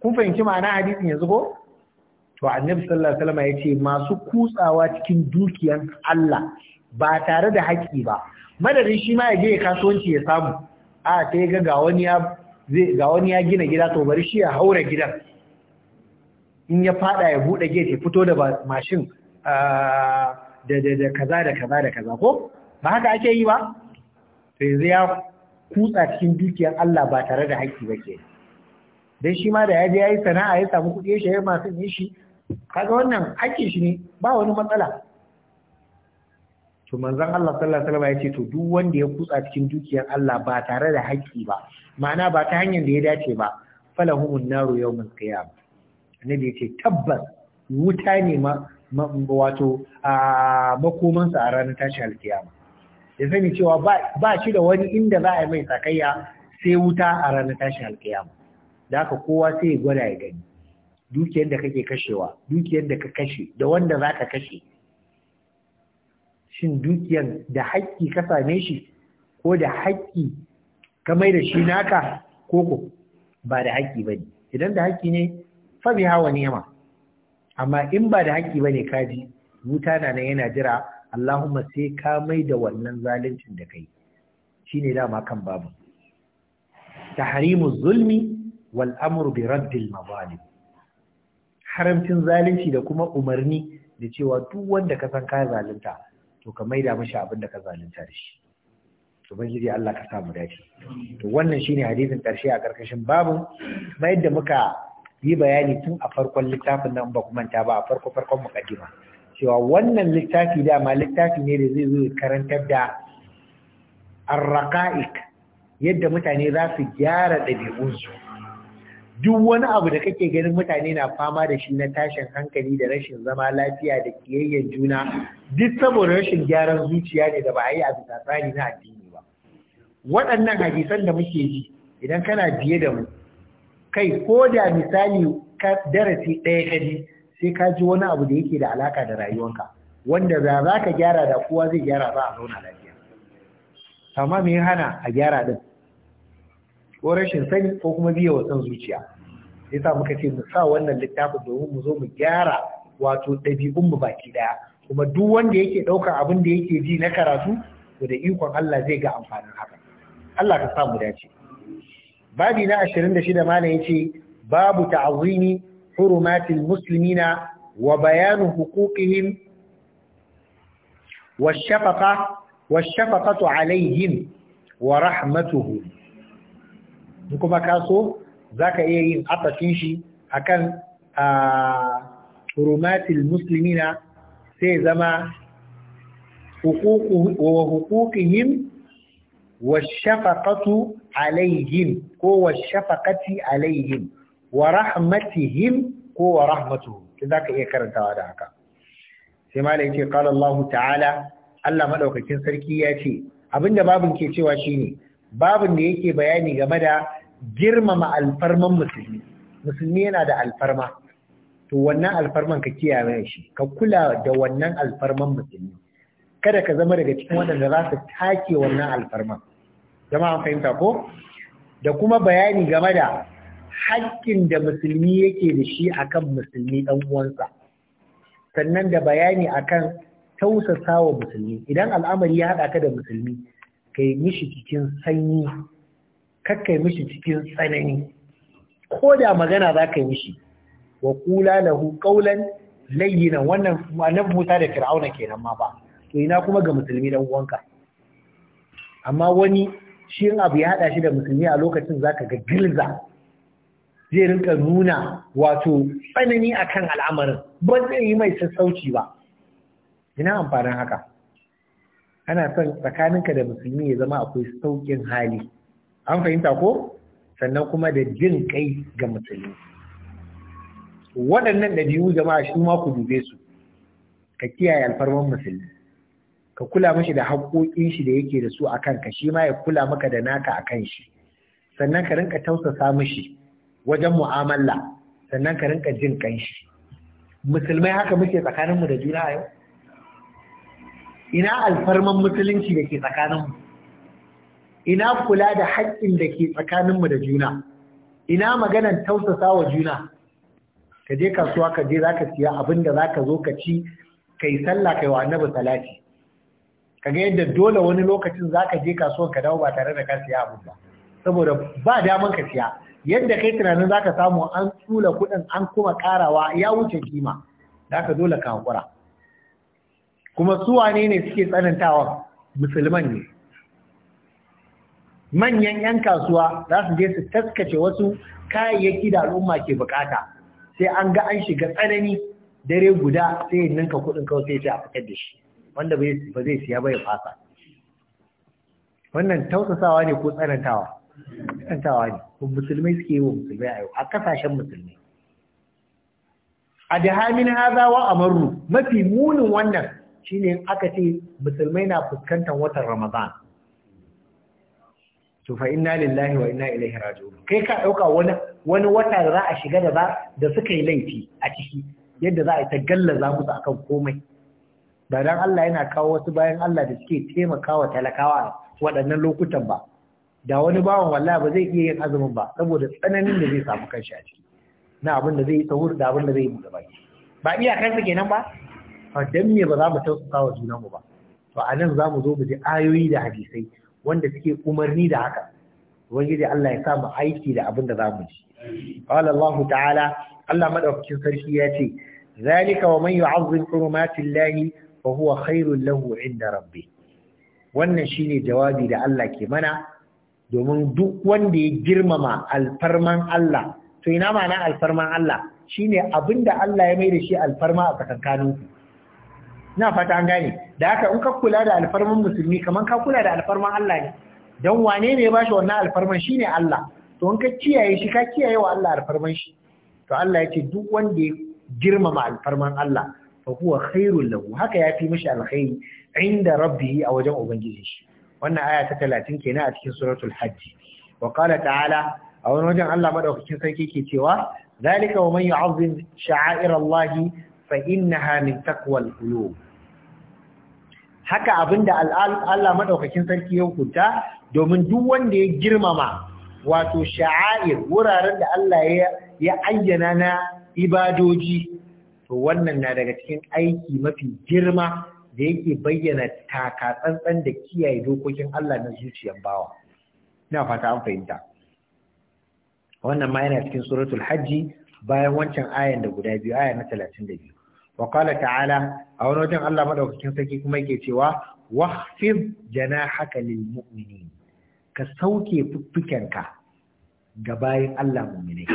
kun fahimci ma'ana hadisin yanzu ko to annabi sallallahu alaihi wasallam yace masu kutsawa cikin dukiyan Allah ba tare da haƙi ba madadin shi ma yaje kasuwanci ya samu a ta ga ga wani ya zai ga wani ya gina gida to bari shi ya haura gidan in ya fada ya bude gate ya fito da mashin da da da kaza da kaza da kaza ko ba haka ake yi ba to yanzu ya kutsa cikin dukiyar Allah ba tare da haƙƙi ba ke dan shi ma da ya je ya yi sana'a ya samu kuɗi ya shaye masu yin shi kaga wannan haƙƙin shi ne ba wani matsala to manzon Allah sallallahu alaihi wasallam ya ce to duk wanda ya kutsa cikin dukiyar Allah ba tare da haƙƙi ba ma'ana ba ta hanyar da ya dace ba falahumun naru yawmin qiyam annabi ya ce tabbas wuta ne ma wato a makomansa a ranar tashi alkiyama ya sani cewa ba shi da wani inda za a yi mai tsakayya sai wuta a ranar tashin alkiyama da haka kowa sai ya gwada ya gani dukiyar da kake kashewa dukiyar da ka kashe da wanda za ka kashe shin dukiyar da haƙƙi ka same shi ko da haƙƙi ka mai da shi naka ko ba da haƙƙi ba ne idan da haƙƙi ne fa bi hawa nema amma in ba da haƙƙi ba ne kaji wuta na nan yana jira Allahumma sai ka mai da wannan zaluncin da kai shine dama kan babu tahrimu zulmi wal amru bi raddil mazalim haramcin zalunci da kuma umarni da cewa duk wanda ka san ka zalunta to ka da mashi abin da ka zalunta da shi ban ubangiji Allah ka samu dace to wannan shine hadisin karshe a karkashin babu. mai yadda muka yi bayani tun a farkon littafin nan ba ku manta ba a farko farkon mukaddima cewa wannan littafi dama littafi ne da zai zo karantar da arraka'ik yadda mutane za su gyara ɗabi'unsu duk wani abu da kake ganin mutane na fama da shi na tashin hankali da rashin zama lafiya da kiyayyen juna duk saboda rashin gyaran zuciya ne da ba a yi a tsatsani tsari na addini ba waɗannan hadisan da muke ji idan kana biye da mu kai ko da misali darasi ɗaya ka ji sai ka ji wani abu da yake da alaka da rayuwanka wanda da za ka gyara da kowa zai gyara za a zauna lafiya amma me hana a gyara din ko rashin sani ko kuma biya wa san zuciya yasa muka ce mu sa wannan littafin domin mu zo mu gyara wato ɗabi'un mu baki ɗaya? kuma duk wanda yake ɗaukar abin da yake ji na karatu to da ikon Allah zai ga amfanin haka Allah ka sa mu dace babi na 26 malam ce, babu ta'azimi حرمات المسلمين وبيان حقوقهم والشفقة والشفقة عليهم ورحمتهم نكما كاسو ذاك إيه أطا إيه تنشي أكان آه، حرمات المسلمين سيزما حقوق وحقوقهم والشفقة عليهم هو الشفقة عليهم wa rahmatihim ko wa rahmatuhu za ka iya karantawa da haka sai malai yake qala Allah ta'ala Allah madaukakin sarki ya ce abinda babin ke cewa shine babin da yake bayani game da girmama alfarman musulmi musulmi yana da alfarma to wannan alfarman ka kiyaye shi ka kula da wannan alfarman musulmi kada ka zama daga cikin waɗanda za su take wannan alfarman jama'a fahimta ko da kuma bayani game da haƙƙin da musulmi yake da shi akan musulmi ɗan uwansa sannan da bayani akan tausasa wa musulmi idan al'amari ya haɗa ka da musulmi kai mishi cikin sanyi kakkai mishi cikin tsanani ko da magana za ka yi mishi wa kula lahu qawlan layyina wannan annabi Musa da Fir'auna kenan ma ba to ina kuma ga musulmi dan uwanka amma wani shi in abu ya haɗa shi da musulmi a lokacin zaka ga gilza zai rinka nuna wato tsanani akan al'amarin ba zai yi mai sassauci ba ina amfanin haka ana son tsakaninka da musulmi ya zama akwai sauƙin hali an fahimta ko sannan kuma da jin kai ga musulmi waɗannan ɗabi'u jama'a shi ma ku dube su ka kiyaye alfarman musulmi ka kula mashi da haƙoƙin shi da yake da su a kanka shi ma ya kula maka da naka a kan shi sannan ka rinka tausasa mashi wajen mu'amala sannan ka rinka jin kanshi musulmai haka muke tsakaninmu da juna yau ina alfarman musulunci da ke tsakaninmu ina kula da haƙƙin da ke mu da juna ina maganan tausasa wa juna ka je kasuwa ka je za ka siya abin da za ka zo ka ci ka sallah ka yi wa annabi salati ka ga yadda dole wani lokacin za ka je kasuwan ka dawo ba tare da ka siya abin ba saboda ba daman ka siya yadda kai tunanin za ka samu an tsula kuɗin an kuma karawa ya wuce kima da ka zo ka kuma su wane ne suke tsanantawa musulman ne manyan 'yan kasuwa za su je su taskace wasu kayayyaki da al'umma ke bukata sai an ga an shiga tsanani dare guda sai ninka kuɗin kawai sai sai a fitar da shi wanda ba zai siya ba ya fasa wannan tausasawa ne ko tsanantawa kantawa ne musulmai suke yi wa musulmai a a kasashen musulmai a hamin haza wa amarru mafi munin wannan shine aka ce musulmai na fuskantar watan ramadan to fa inna lillahi wa inna ilaihi raji'un kai ka dauka wani wani wata da za a shiga da da suka yi laifi a ciki yadda za a ta gallaza musu akan komai ba dan Allah yana kawo wasu bayan Allah da suke taimakawa talakawa waɗannan lokutan ba da wani bawan wallahi ba zai iya yin azumin ba saboda tsananin da zai samu kanshi a ciki na abin da zai yi sahur da abin da zai yi buɗe baki ba iyakarsa kenan ba a dan me ba za mu tausasa wa mu ba to a nan za mu zo mu ji ayoyi da hadisai wanda suke umarni da haka ubangiji Allah ya sa mu aiki da abin da za mu ji qala Allah ta'ala Allah madaukakin sarki ya ce zalika wa man yu'azzim hurumatillahi fa huwa khairul lahu inda rabbih wannan shine jawabi da Allah ke mana domin duk wanda ya girmama alfarman Allah to ina ma'ana alfarman Allah shine abinda Allah ya mai da shi alfarma a tsakankanin ku ina fata an gane da haka in ka kula da alfarman musulmi kaman ka kula da alfarman Allah ne dan wane ne ya bashi wannan alfarman shine Allah to in ka kiyaye shi ka kiyaye wa Allah alfarman shi to Allah ce duk wanda ya girmama alfarman Allah fa huwa khairul lahu haka fi mishi alkhairi inda rabbihi a wajen ubangiji shi wannan aya ta 30 kenan a cikin suratul hajji wa qala ta'ala a wani wajen Allah madaukakin sarki ke cewa zalika wa man yu'azzim sha'air Allah fa innaha min taqwal qulub haka abinda Allah madaukakin sarki ya hukunta domin duk wanda ya girmama wato sha'air wuraren da Allah ya ya ayyana na ibadoji to wannan na daga cikin aiki mafi girma da yake bayyana taka tsantsan da kiyaye dokokin Allah na zuciyar bawa ina fata an fahimta wannan ma yana cikin suratul hajji bayan wancan ayan da guda biyu aya na 32 wa qala ta'ala a wani wajen Allah madaukakin sarki kuma yake cewa wahfid janahaka lil mu'minin ka sauke fuffukenka ga bayin Allah mu'minai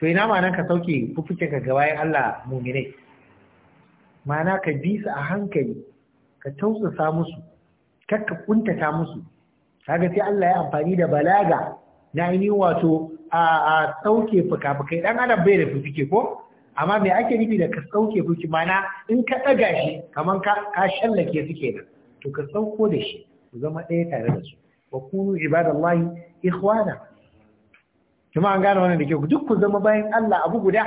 to ina ma nan ka sauke fuffukenka ga bayan Allah mu'minai Mana ka bi su a hankali ka tausasa musu ka kuntata musu kaga sai Allah ya amfani da balaga na ainihin wato a sauke fuka-fukai dan adam bai da fufike ko amma me ake nufi da ka sauke fuki mana in ka ɗaga shi kamar ka ka shallake su kenan to ka sauko da shi ku zama ɗaya tare da su wa kunu ibadallahi ikhwana kuma an gane wannan da ke duk ku zama bayan Allah abu guda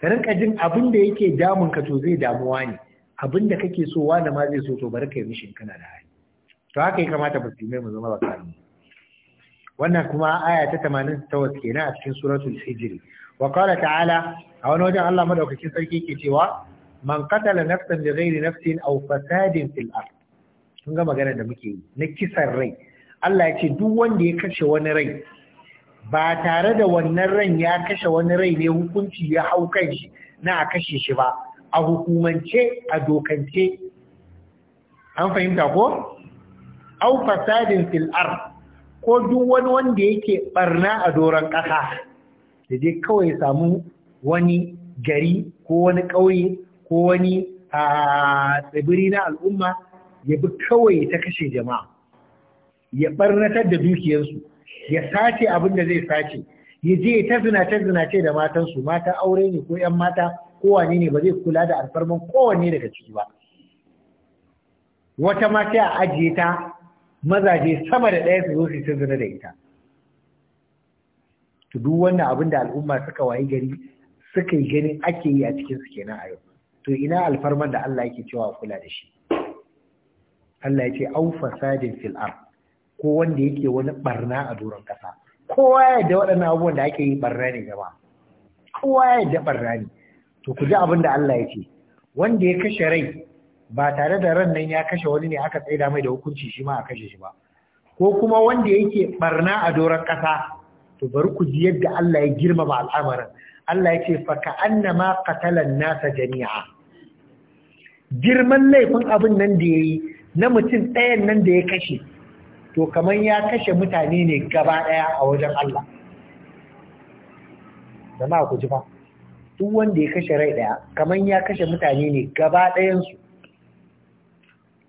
ka rinka jin abin da yake damun ka to zai damuwa ne abin da kake so wani ma zai so to bari ka yi mishin kana da hali to haka ya kamata musulmai mu zama bakarin wannan kuma aya ta 88 kenan a cikin suratul hijri wa qala ta'ala a wani wajen Allah madaukakin sarki yake cewa man qatala nafsan bi ghairi nafsin aw fasadin fil ard kun ga magana da muke yi na kisan rai Allah ya ce duk wanda ya kashe wani rai ba tare da wannan ran ya kashe wani rai ne hukunci ya hau kan shi na a kashe shi ba a hukumance a dokance an fahimta ko au fasadin fil ko duk wani wanda yake barna a doron ƙasa da dai kawai samu wani gari ko wani ƙauye ko wani tsibiri na al'umma ya bi kawai ta kashe jama'a ya barnatar da dukiyarsu ya sace abin da zai sace ya je ta zinace zinace da matansu mata aure ne ko yan mata wane ne ba zai kula da alfarman kowanne daga ciki ba wata ma sai a ajiye ta mazaje sama da ɗaya su zo su ta zina da ita to duk wannan abin da al'umma suka wayi gari suka yi ganin ake yi a cikin su kenan a yau to ina alfarman da Allah yake cewa kula da shi Allah ya ce au fasadin fil ard ko wanda yake wani barna a doron kasa kowa ya da waɗannan abubuwan da ake yi barna ne gaba kowa ya da barna ne to ku ji abin da Allah ya ce wanda ya kashe rai ba tare da ran nan ya kashe wani ne aka tsaida mai da hukunci shi ma a kashe shi ba ko kuma wanda yake barna a doron kasa to bari ku ji yadda Allah ya girmama al'amarin Allah ya ce faka annama qatalan nasa jami'a girman laifin abin nan da yayi na mutum ɗayan nan da ya kashe to kaman ya kashe mutane ne gaba ɗaya a wajen Allah jama'a ku ji fa duk wanda ya kashe rai ɗaya kamar ya kashe mutane ne gaba ɗayansu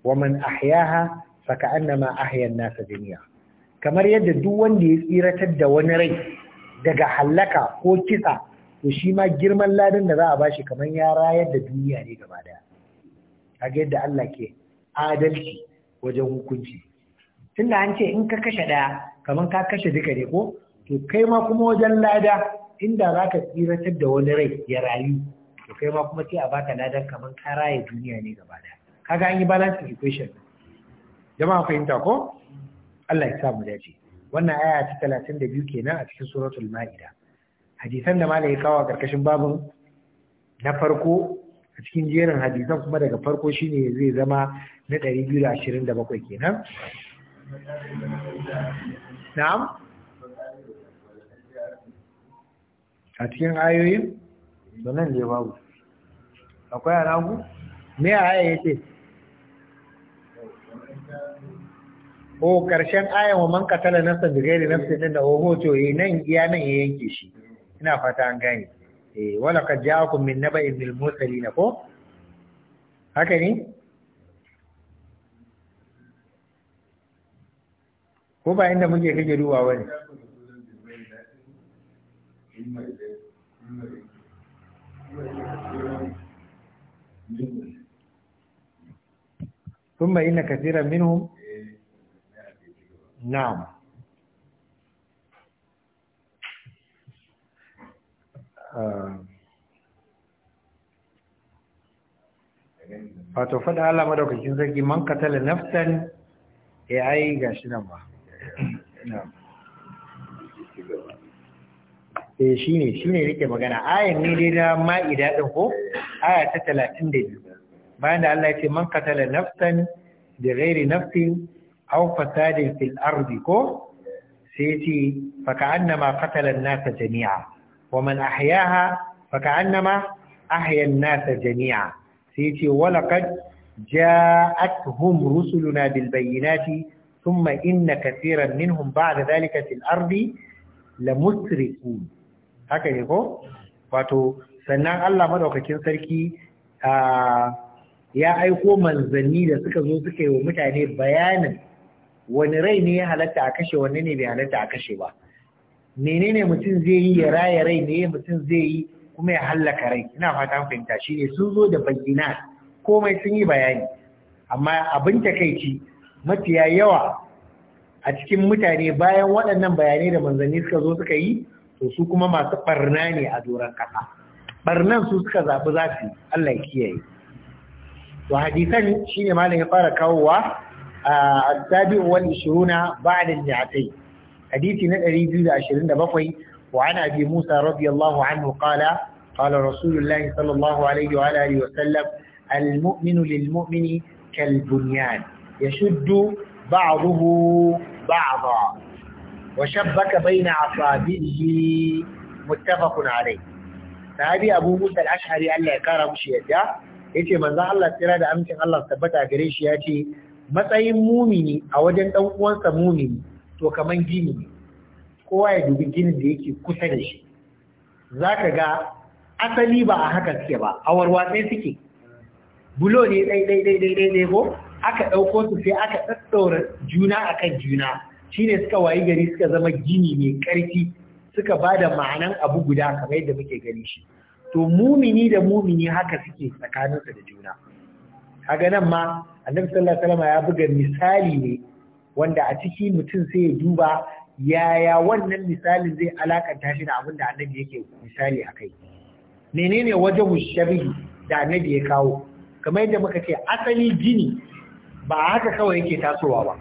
wa man ahyaha ka'annama annama ahyan nasa jami'a. kamar yadda duk wanda ya tsiratar da wani rai daga hallaka ko kisa to shi ma girman ladin da za a bashi kamar ya rayar da duniya ne gaba daya kaga yadda Allah ke adalci wajen hukunci tun da an ce in ka kashe ɗaya kamar ka kashe duka ne ko to kai ma kuma wajen lada inda za ka tsiratar da wani rai ya rayu to kai ma kuma sai a baka ladan kamar ka raye duniya ne gaba ɗaya kaga an yi balance equation jama'a fahimta ko Allah ya sa mu dace wannan aya ta biyu kenan a cikin suratul ma'ida hadisan da malai ya kawo a karkashin babin na farko a cikin jerin hadisan kuma daga farko shine zai zama na 227 kenan na'am a cikin ayoyin babu akwai alagu me a aya ya o karshen ayan wa man katala da nafsin da to yi eh, nan iya nan ya yanke shi ina fata an gane eh wala kad ja'akum naba'in bil ko ba inda muke kake duba wani, sun ثم إن كثيرا منهم نعم wato faɗa da madaukakin sarki man katala nafsan ya eh, yi gashi nan eh shine ne nake magana ayan ne dai na ma'ida din ko aya ta talatin da biyu bayan da Allah ya ce man katala nafsan da ghairi nafsin aw fasadin fil ardi ko sai ce fa ka'annama annama an-nasa jami'a wa man ahyaha fa annama ahya an-nasa jami'a sai ce ja’at ja'atuhum rusuluna bil bayyinati ثم إن كثيرا منهم بعد ذلك في الأرض لمسرفون haka ne ko wato sannan Allah madaukakin sarki ya aiko manzanni da suka zo suka yi wa mutane bayanin wani rai ne ya halatta a kashe wani ne bai halatta a kashe ba menene mutum zai yi ya raya rai ne mutum zai yi kuma ya hallaka rai ina fata fahimta shi ne sun zo da bayyana komai sun yi bayani amma abin takaici mafiya yawa a cikin mutane bayan waɗannan bayanai da manzanni suka zo suka yi to su kuma masu barna ne a doron ƙasa barnan su suka zaɓi zafi, Allah ya kiyaye to hadisan shine malam ya fara kawowa a tabi wal 20 ba'da ni'atai hadisi na 227 wa ana bi Musa radiyallahu anhu qala qala rasulullahi sallallahu alaihi wa alihi wa sallam al-mu'minu lil-mu'mini kal bunyan يشد بعضه بعضا وشبك بين أصابعه متفق عليه sahabi Abu Musa al-Ash'ari Allah ya kara mushi yadda yace manzo Allah tsira da amincin Allah tabbata gare shi yace matsayin mumini a wajen dan uwansa mumini to kaman gini ne kowa ya dubi ginin da yake kusa da shi zaka ga asali ba a haka suke ba a warwatsai suke bulo ne dai dai dai dai dai ko aka ɗauko su sai aka ɗaɗɗaura juna akan juna shi ne suka wayi gari suka zama gini mai ƙarfi suka ba da ma'anan abu guda kamar yadda muke gani shi to mumini da mumini haka suke tsakaninsu da juna kaga nan ma annabi sallallahu alaihi ya buga misali ne wanda a ciki mutum sai ya duba yaya wannan misalin zai alakanta shi da abin da annabi yake misali a kai menene wajen shabihi da annabi ya kawo kamar yadda muka ce asali gini ba haka kawai yake tasowa ba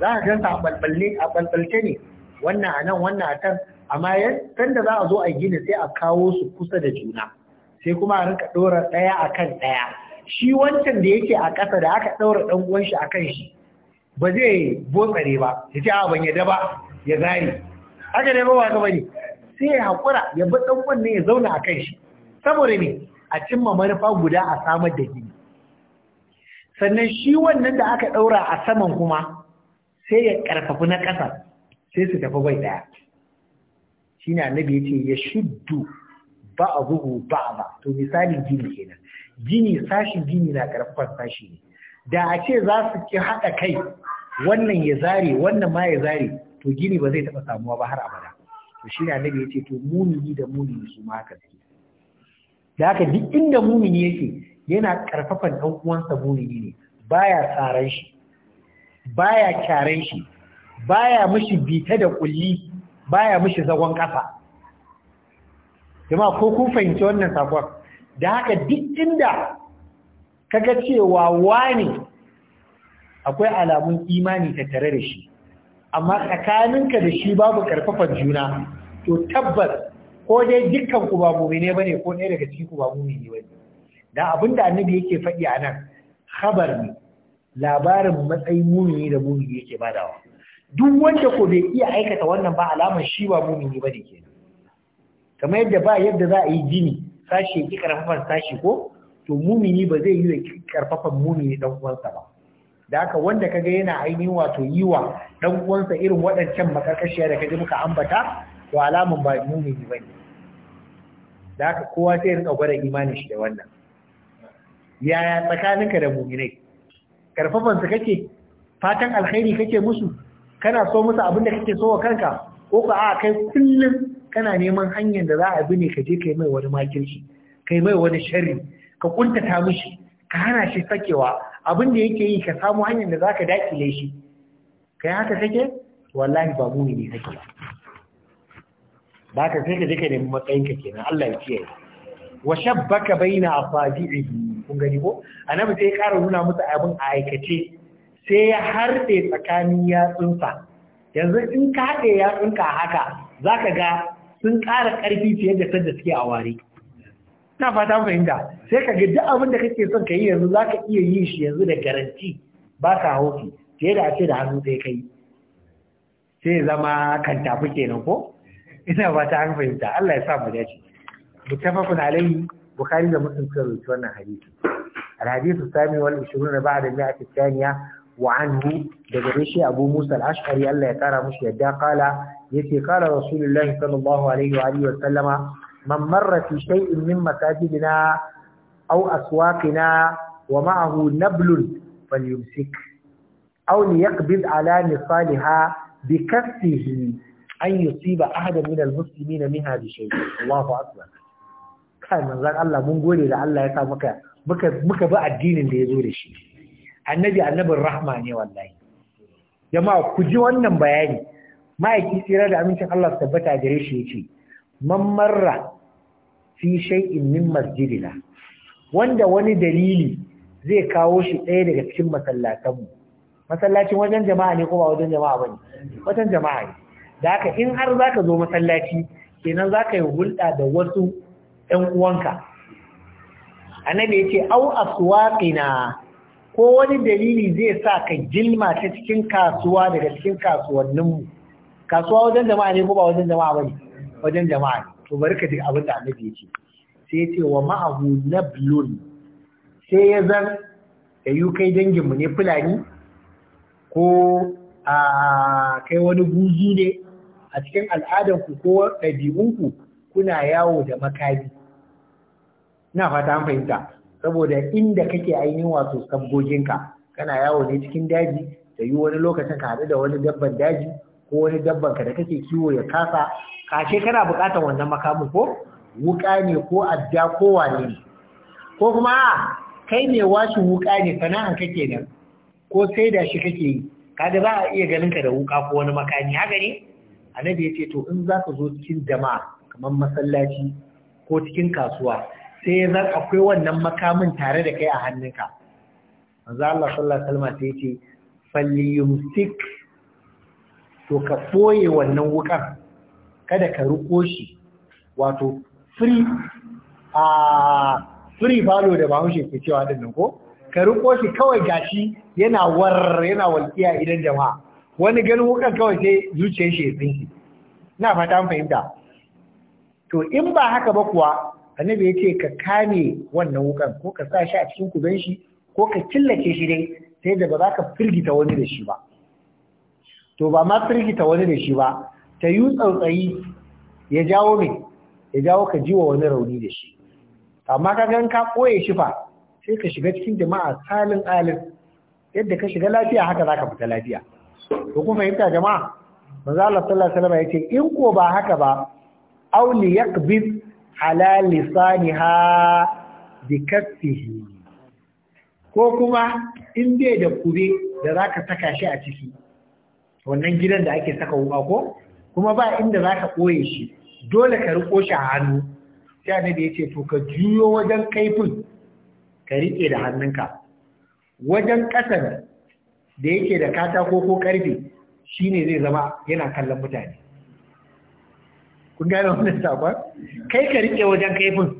za ka ganta a balballe a balbalce ne wannan a nan wannan a can amma yadda da za a zo a gina sai a kawo su kusa da juna sai kuma a rinka ɗora ɗaya a kan ɗaya shi wancan da yake a ƙasa da aka ɗaura ɗan uwan shi a kan shi ba zai botsare ba ya ce a ban ya ba ya zari haka ne ba ba ka bane sai ya haƙura ya bi ɗan uwan ne ya zauna a kan shi saboda ne a cimma manufa guda a samar da gini sannan shi wannan da aka ɗaura a saman kuma sai ya ƙarfafi na ƙasa sai su tafi bai ɗaya shi ne annabi ya ce ya shuddu ba a buhu ba ba to misalin gini kenan gini sashin gini na ƙarfafan sashi ne da a ce za su ki haɗa kai wannan ya zare wannan ma ya zare to gini ba zai taɓa samuwa ba har abada to shi ne annabi ya ce to ni da mumini su ma haka da haka duk inda mumini yake yana ƙarfafan ɗan uwansa mumini ne baya tsaran shi baya kyaran shi baya mishi bita da kulli baya mishi zagon kafa jama'a ko kun fahimci wannan sakon da haka duk inda kaga cewa wani akwai alamun imani tare da shi amma tsakaninka da shi babu ƙarfafan juna to tabbas ko dai dukkan ku ba mumine bane ko ɗaya daga cikin ku ba mumine bane da abin da annabi yake faɗi a nan khabar ne labarin matsayin mumini da mumini yake badawa duk wanda ko bai iya aikata wannan ba alamar shi ba mumini bane kenan kamar yadda ba yadda za a yi jini sashi ki karfafan sashi ko to mumini ba zai yi karfafan mumini dan uwansa ba da haka wanda kaga yana ainihin wato yiwa dan uwansa irin waɗancan makarkashiya da kaji muka ambata to alamun ba mumini bane da haka kowa sai ya rika gwada imanin shi da wannan yaya tsakaninka da muminai karfafan su kake fatan alkhairi kake musu kana so musu abin da kake so wa kanka ko ka a kai kullum kana neman hanyar da za a bi ne ka je kai mai wani makirci kai mai wani sharri ka kuntata mishi ka hana shi sakewa abin da yake yi ka samu hanyar da za ka dakile shi kai haka kake wallahi ba mu ne kake ba ka sai ka je ka nemi matsayinka kenan Allah ya kiyaye wa shabbaka baina asabi'ihi kun gani ko annabi sai ya ƙara nuna musu abin a aikace sai ya harbe tsakanin yatsunsa yanzu in ka haɗe yatsunka haka ka ga sun ƙara ƙarfi fiye da sanda suke a ware na fata fahimta sai ka ga duk abin da kake son ka yi yanzu za ka iya yin shi yanzu da garanti ba ka hofi fiye da a ce da hannu sai kai sai zama kan tafi kenan ko ina fata an fahimta Allah ya sa mu dace kuna alaihi بخاري ومسلم كانوا suka حديثه الحديث الثامن والعشرون بعد المئة الثانية وعنه دقريش أبو موسى الأشعري ألا ترى مش يدى قال يتي قال رسول الله صلى الله عليه وآله وسلم من مر في شيء من مساجدنا أو أسواقنا ومعه نبل فليمسك أو ليقبض على نصالها بكفه أن يصيب أحدا من المسلمين منها بشيء الله أكبر kai manzan Allah mun gode da Allah ya sa muka muka bi addinin da ya zo da shi annabi annabin rahma ne wallahi jama'a ku ji wannan bayani ma'aiki tsira da amincin Allah su tabbata gare shi yace man marra fi shay'in min masjidina wanda wani dalili zai kawo shi ɗaya daga cikin masallatanmu masallacin wajen jama'a ne ko ba wajen jama'a bane wajen jama'a ne da haka in har zaka zo masallaci kenan zaka yi hulɗa da wasu ɗan uwanka annabi ya ce au aswaqina ko wani dalili zai sa ka gilma ta cikin kasuwa daga cikin kasuwanninmu kasuwa wajen jama'a ne ko ba wajen jama'a bane wajen jama'a ne to bari ka ji abin da annabi ya ce sai ya ce wa ma'ahu nablun sai ya zan da yi kai danginmu ne fulani ko a kai wani guzu ne a cikin al'adanku ko ɗabi'unku kuna yawo da makami ina fata an fahimta saboda inda kake ainihin wato sabgoginka kana yawo ne cikin daji da yi wani lokacin ka haɗu da wani dabban daji ko wani dabban ka da kake kiwo ya kasa kashe kana buƙatar wannan makamu ko wuƙa ne ko adda ko wane ne ko kuma kai ne washin wuƙa ne sana'an kake nan ko sai da shi kake yi kaga za a iya ganin ka da wuƙa ko wani makami haka ne annabi ya ce to in za ka zo cikin jama'a kamar masallaci ko cikin kasuwa sai zan akwai wannan makamin tare da kai a hannunka manzo Allah sallallahu alaihi wasallam sai yace sik, to ka foye wannan wukan kada ka ruko shi wato free a falo da Bahaushe ke cewa ɗin nan ko ka ruko shi kawai gashi yana war yana walƙiya idan jama'a wani ganin wukan kawai sai zuciyar shi ya tsinki na fata fahimta to in ba haka ba kuwa annabi ya ce ka kame wannan wukan ko ka sa shi a cikin kuben shi ko ka killace shi dai sai da ba za ka firgita wani da shi ba to ba ma firgita wani da shi ba ta yi tsautsayi ya jawo mai ya jawo ka jiwa wani rauni da shi amma ka gan ka ɓoye shi fa sai ka shiga cikin jama'a salin alin yadda ka shiga lafiya haka za ka fita lafiya to kuma fahimta jama'a manzo Allah sallallahu alaihi wasallam yace in ko ba haka ba auli li yaqbid ala ha bi kaffihi ko kuma in bai da kube da zaka saka shi a ciki wannan gidan da ake saka wuka ko kuma ba inda zaka koye shi dole ka riko shi a hannu sai da yace to ka juyo wajen kaifin ka riƙe da hannunka wajen kasar da yake da katako ko karfe shine zai zama yana kallon mutane kun gane wannan sakon kai ka rike wajen kaifin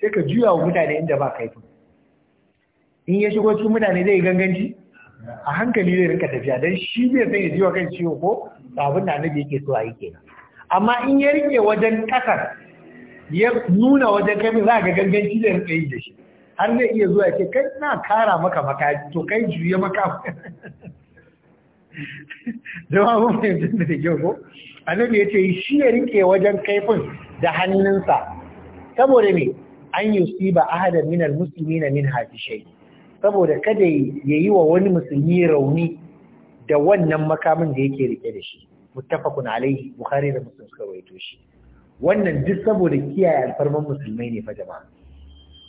sai ka juya wa mutane inda ba kaifin in ya shigo cikin mutane zai ganganci a hankali zai rinka tafiya don shi bai san ya jiwa kan ciwo ko abin da annabi yake so a yi kenan amma in ya rike wajen kasar ya nuna wajen kaifin za ga ganganci zai rinka yi da shi har zai iya zuwa ya kai na kara maka makaji to kai juya maka zama mai fahimci da kyau ko annabi ya ce shi ya rike wajen kaifin da hannunsa saboda me an yi ba minar musulmi na min shai saboda kada ya yi wa wani musulmi rauni da wannan makamin da yake rike da shi muttafaqun alaihi bukhari da musulmi suka waito shi wannan duk saboda kiyaye alfarman musulmai ne fa jama'a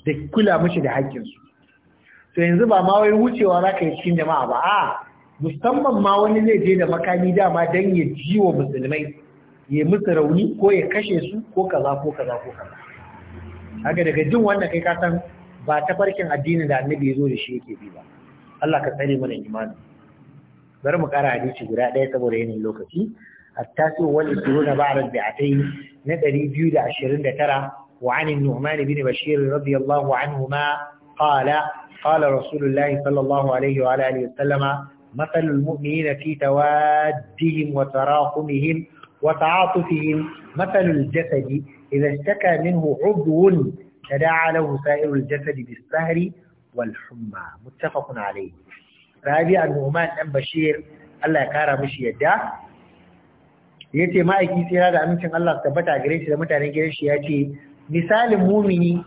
da kula mushi da haƙƙinsu to yanzu ba ma wai wucewa za ka yi cikin jama'a ba a musamman ma wani zai je da makami dama don ya ji wa musulmai ya musu rauni ko ya kashe su ko kaza ko kaza ko kaza haka daga jin wannan kai ka san ba ta farkin addinin da annabi ya zo da shi yake bi ba Allah ka tsare mana imani bari mu kara hadisi guda ɗaya saboda yanayin lokaci التاسع والعشرون na البيعتين da ashirin da tara وعن النعمان بن بشير رضي الله عنهما قال قال رسول الله صلى الله عليه وعلى آله وسلم matsalul mu'minina da tawaddihim wa tarahumihim wa ta'atufihim matsalul jasadi idza ishtaka minhu 'udwun tada'a lahu sa'irul jasadi bis-sahri wal humma muttafaqun alayh Rabi al-Nu'man dan Bashir Allah ya kara mishi yadda yace ma'aiki tsira da amincin Allah tabbata gare shi da mutanen gidan shi ce. misalin mumini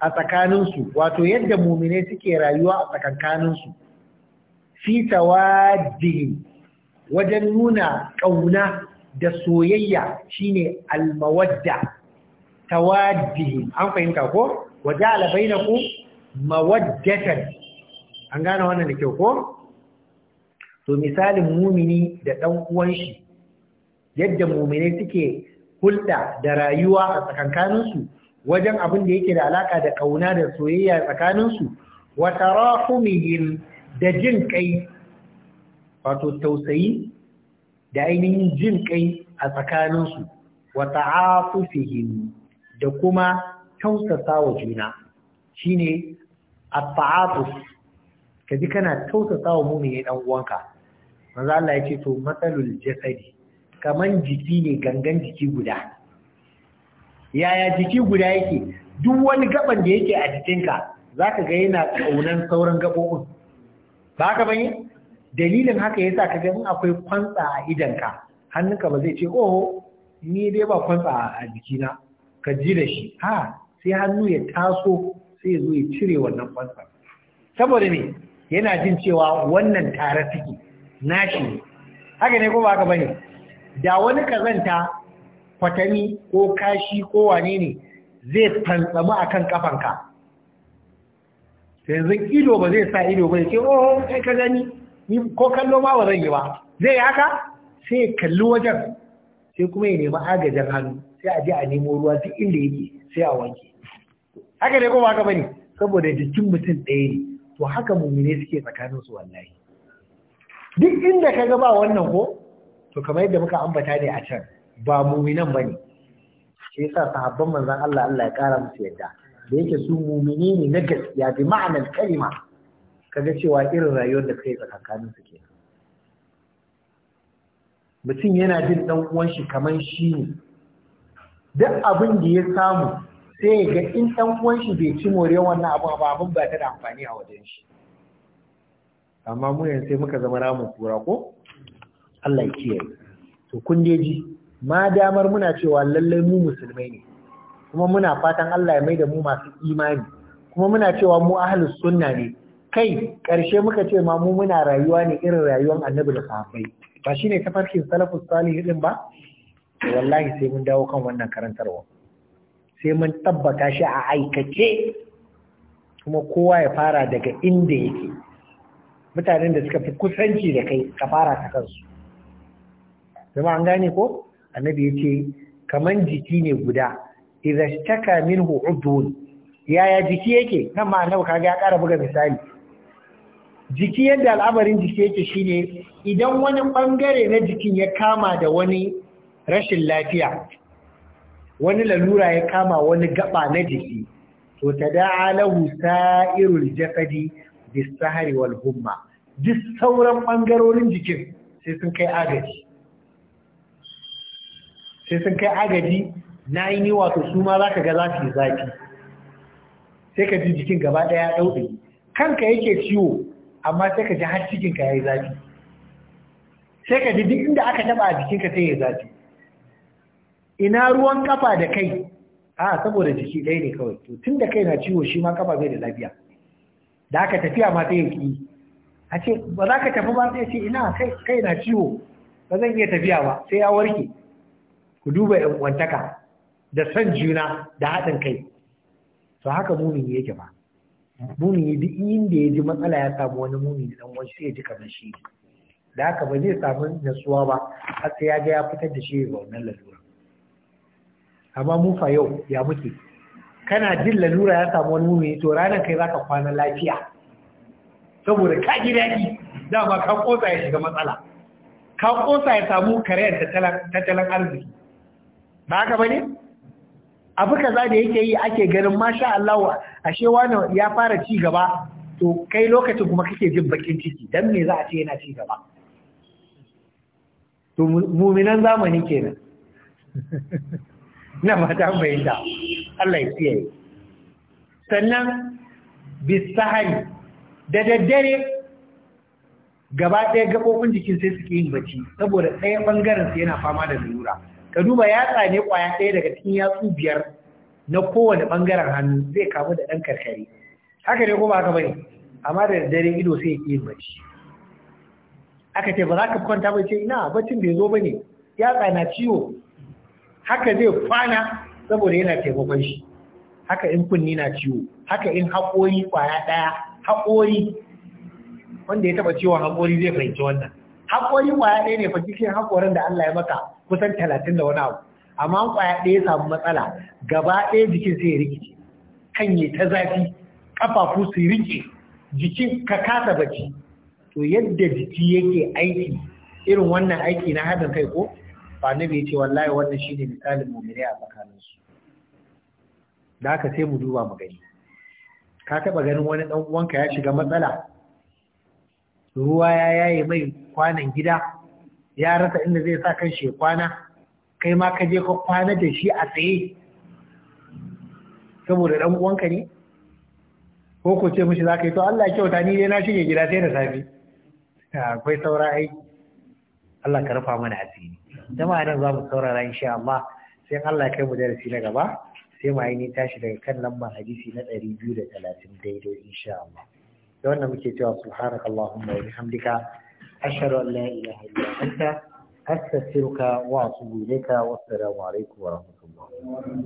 a tsakaninsu wato yadda mumine suke rayuwa a tsakankaninsu fi tawadi wajen nuna ƙauna da soyayya shine almawadda tawaddi an fahimta ko waje alabai mawaddatan an gane wannan da kyau ko to misalin mumini da ɗan uwan shi yadda mumini suke hulɗa da rayuwa a tsakankaninsu wajen abin da yake da alaka da ƙauna da soyayya tsakaninsu wa tarahumihim da jin kai wato tausayi da ainihin jin kai a tsakaninsu wa ta'afufihim da kuma tausasa wa juna shine at-ta'afuf kaji kana tausasa wa mu'mini ɗan uwanka manzo Allah ya ce to matsalul jasadi kaman jiki ne gangan jiki guda yaya jiki guda yake duk wani gaban da yake a jikinka zaka ga yana kaunan sauran gabobin ba ka bane dalilin haka yasa ka ga in akwai kwantsa a idanka hannunka ba zai ce oho ni dai ba kwantsa a jikina ka ji da shi ha sai hannu ya taso sai zo ya cire wannan kwantsa saboda ne yana jin cewa wannan tare suke, nashi ne haka ne ko ba ka bane da wani kazanta kwatami ko kashi ko wane ne zai fantsamu akan kafanka sai yanzu ido ba zai sa ido ba ya ce oh kai ka gani ni ko kallo ma ba zan yi ba zai yi haka sai ya kalli wajen sai kuma ya nemi agajin hannu sai a je a nemo ruwa duk inda yake sai a wanke haka ne ko ba haka bane saboda jikin mutum ɗaya ne to haka mummune suke tsakanin su wallahi duk inda ka ga ba wannan ko to kamar yadda muka ambata ne a can ba muminan bane shi yasa sahabban manzon Allah Allah ya kara musu yadda da yake su mumini ne na gaskiya bi ma'anar kalima kaga cewa irin rayuwar da kai tsakankanin su ke? mutum yana jin dan uwan shi kaman shi ne duk abin da ya samu sai ya ga in dan uwan shi bai ci moriyar wannan abu ba abin ba ta da amfani a wajen shi amma mu yanzu sai muka zama ramu kura ko Allah ya kiyaye to kun je ji ma damar muna cewa lallai mu musulmai ne kuma muna fatan Allah ya mai da mu masu imani kuma muna cewa mu ahlus sunna ne kai ƙarshe muka ce ma mu muna rayuwa ne irin rayuwar annabi da sahabbai ba shine tafarkin salafus salih din ba wallahi sai mun dawo kan wannan karantarwa sai mun tabbata shi a aikace kuma kowa ya fara daga inda yake mutanen da suka fi kusanci da kai ka fara ta kansu zama an gane ko annabi ya ce kaman jiki ne guda idza shaka minhu udwun yaya jiki yake nan ma annabi kaga ya ƙara buga misali jiki yadda al'amarin jiki yake shine idan wani bangare na jikin ya kama da wani rashin lafiya wani lalura ya kama wani gaba na jiki to tada'a lahu sa'irul jasadi bisahari wal humma duk sauran bangarorin jikin sai sun kai agaji sai sun kai agaji na yi ni wato su ma za ka ga za su yi zafi sai ka ji jikin gaba ɗaya ɗauɗe kanka yake ciwo amma sai ka ji har cikinka ya yi zafi sai ka ji duk inda aka taɓa a jikinka sai ya zafi ina ruwan kafa da kai a saboda jiki ɗaya ne kawai to tun da kai na ciwo shi ma kafa bai da lafiya da aka tafiya ma sai ya ƙi a ce ba za ka tafi ba sai ce ina kai na ciwo ba zan iya tafiya ba sai ya warke ku duba yan kwantaka da san juna da haɗin kai to haka mumini yake ba ya duk inda ya ji matsala ya samu wani mumini dan wani sai ya ji kamar shi da haka ba zai samu nasuwa ba har sai ya ga ya fitar da shi ga wannan lalura amma mu fa yau ya muke kana jin lalura ya samu wani mumini to ranar kai zaka kwana lafiya saboda ka ji daɗi dama ka kosa ya shiga matsala ka kosa ya samu karayar tattalin arziki ba haka ba ne abu kaza da yake yi ake ganin masha Allah ashe wani ya fara ci gaba to kai lokacin kuma kake jin bakin ciki dan me za a ce yana ci gaba to muminan zamani kenan *laughs* na mata bai da Allah ya tsiye sannan bisahari da daddare gaba ɗaya gaɓoɓin jikin sai suke yin bacci saboda ɗaya ɓangaren su yana fama da lura Kaduma duba yatsa ne kwaya ɗaya daga cikin yatsu biyar na kowane ɓangaren hannu zai kamu da ɗan karkare haka ne kuma haka bane amma da dare ido sai ya ƙi yin bacci aka ce ba za ka kwanta ba ce ina baccin bai zo ba ne yatsa na ciwo haka zai kwana saboda yana taimakon shi haka in kunni na ciwo haka in haƙori kwaya ɗaya haƙori wanda ya taɓa ciwon haƙori zai fahimci wannan haƙorin ƙwaya ɗaya ne fa cikin haƙorin da Allah ya maka kusan talatin da wani abu amma ƙwaya ɗaya ya samu matsala gaba ɗaya jikin sai ya rikice kan yi ta zafi ƙafafu su rike jikin ka kasa bacci to yadda jiki yake aiki irin wannan aiki na haɗin kai ko ba na bai ce wallahi wannan shine misalin mu'mini a tsakaninsu da haka sai mu duba mu gani ka taɓa ganin wani ɗan uwanka ya shiga matsala ruwa ya yaye mai kwanan gida ya rasa inda zai sa kan shi kwana kai ma ka je ka kwana da shi a tsaye saboda dan uwanka ne ko ku ce mishi za ka yi to Allah kyauta ni dai na shige gida sai da safe akwai saura ai Allah ka rufa mana asiri jama'a nan za mu saurara insha Allah sai Allah kai mu darasi na gaba sai mu ni tashi daga kan lambar hadisi na 230 daidai insha Allah da wannan muke cewa subhanaka allahumma wa bihamdika ashhadu an la ilaha illa anta astaghfiruka wa atubu ilayka wa assalamu alaikum wa rahmatullah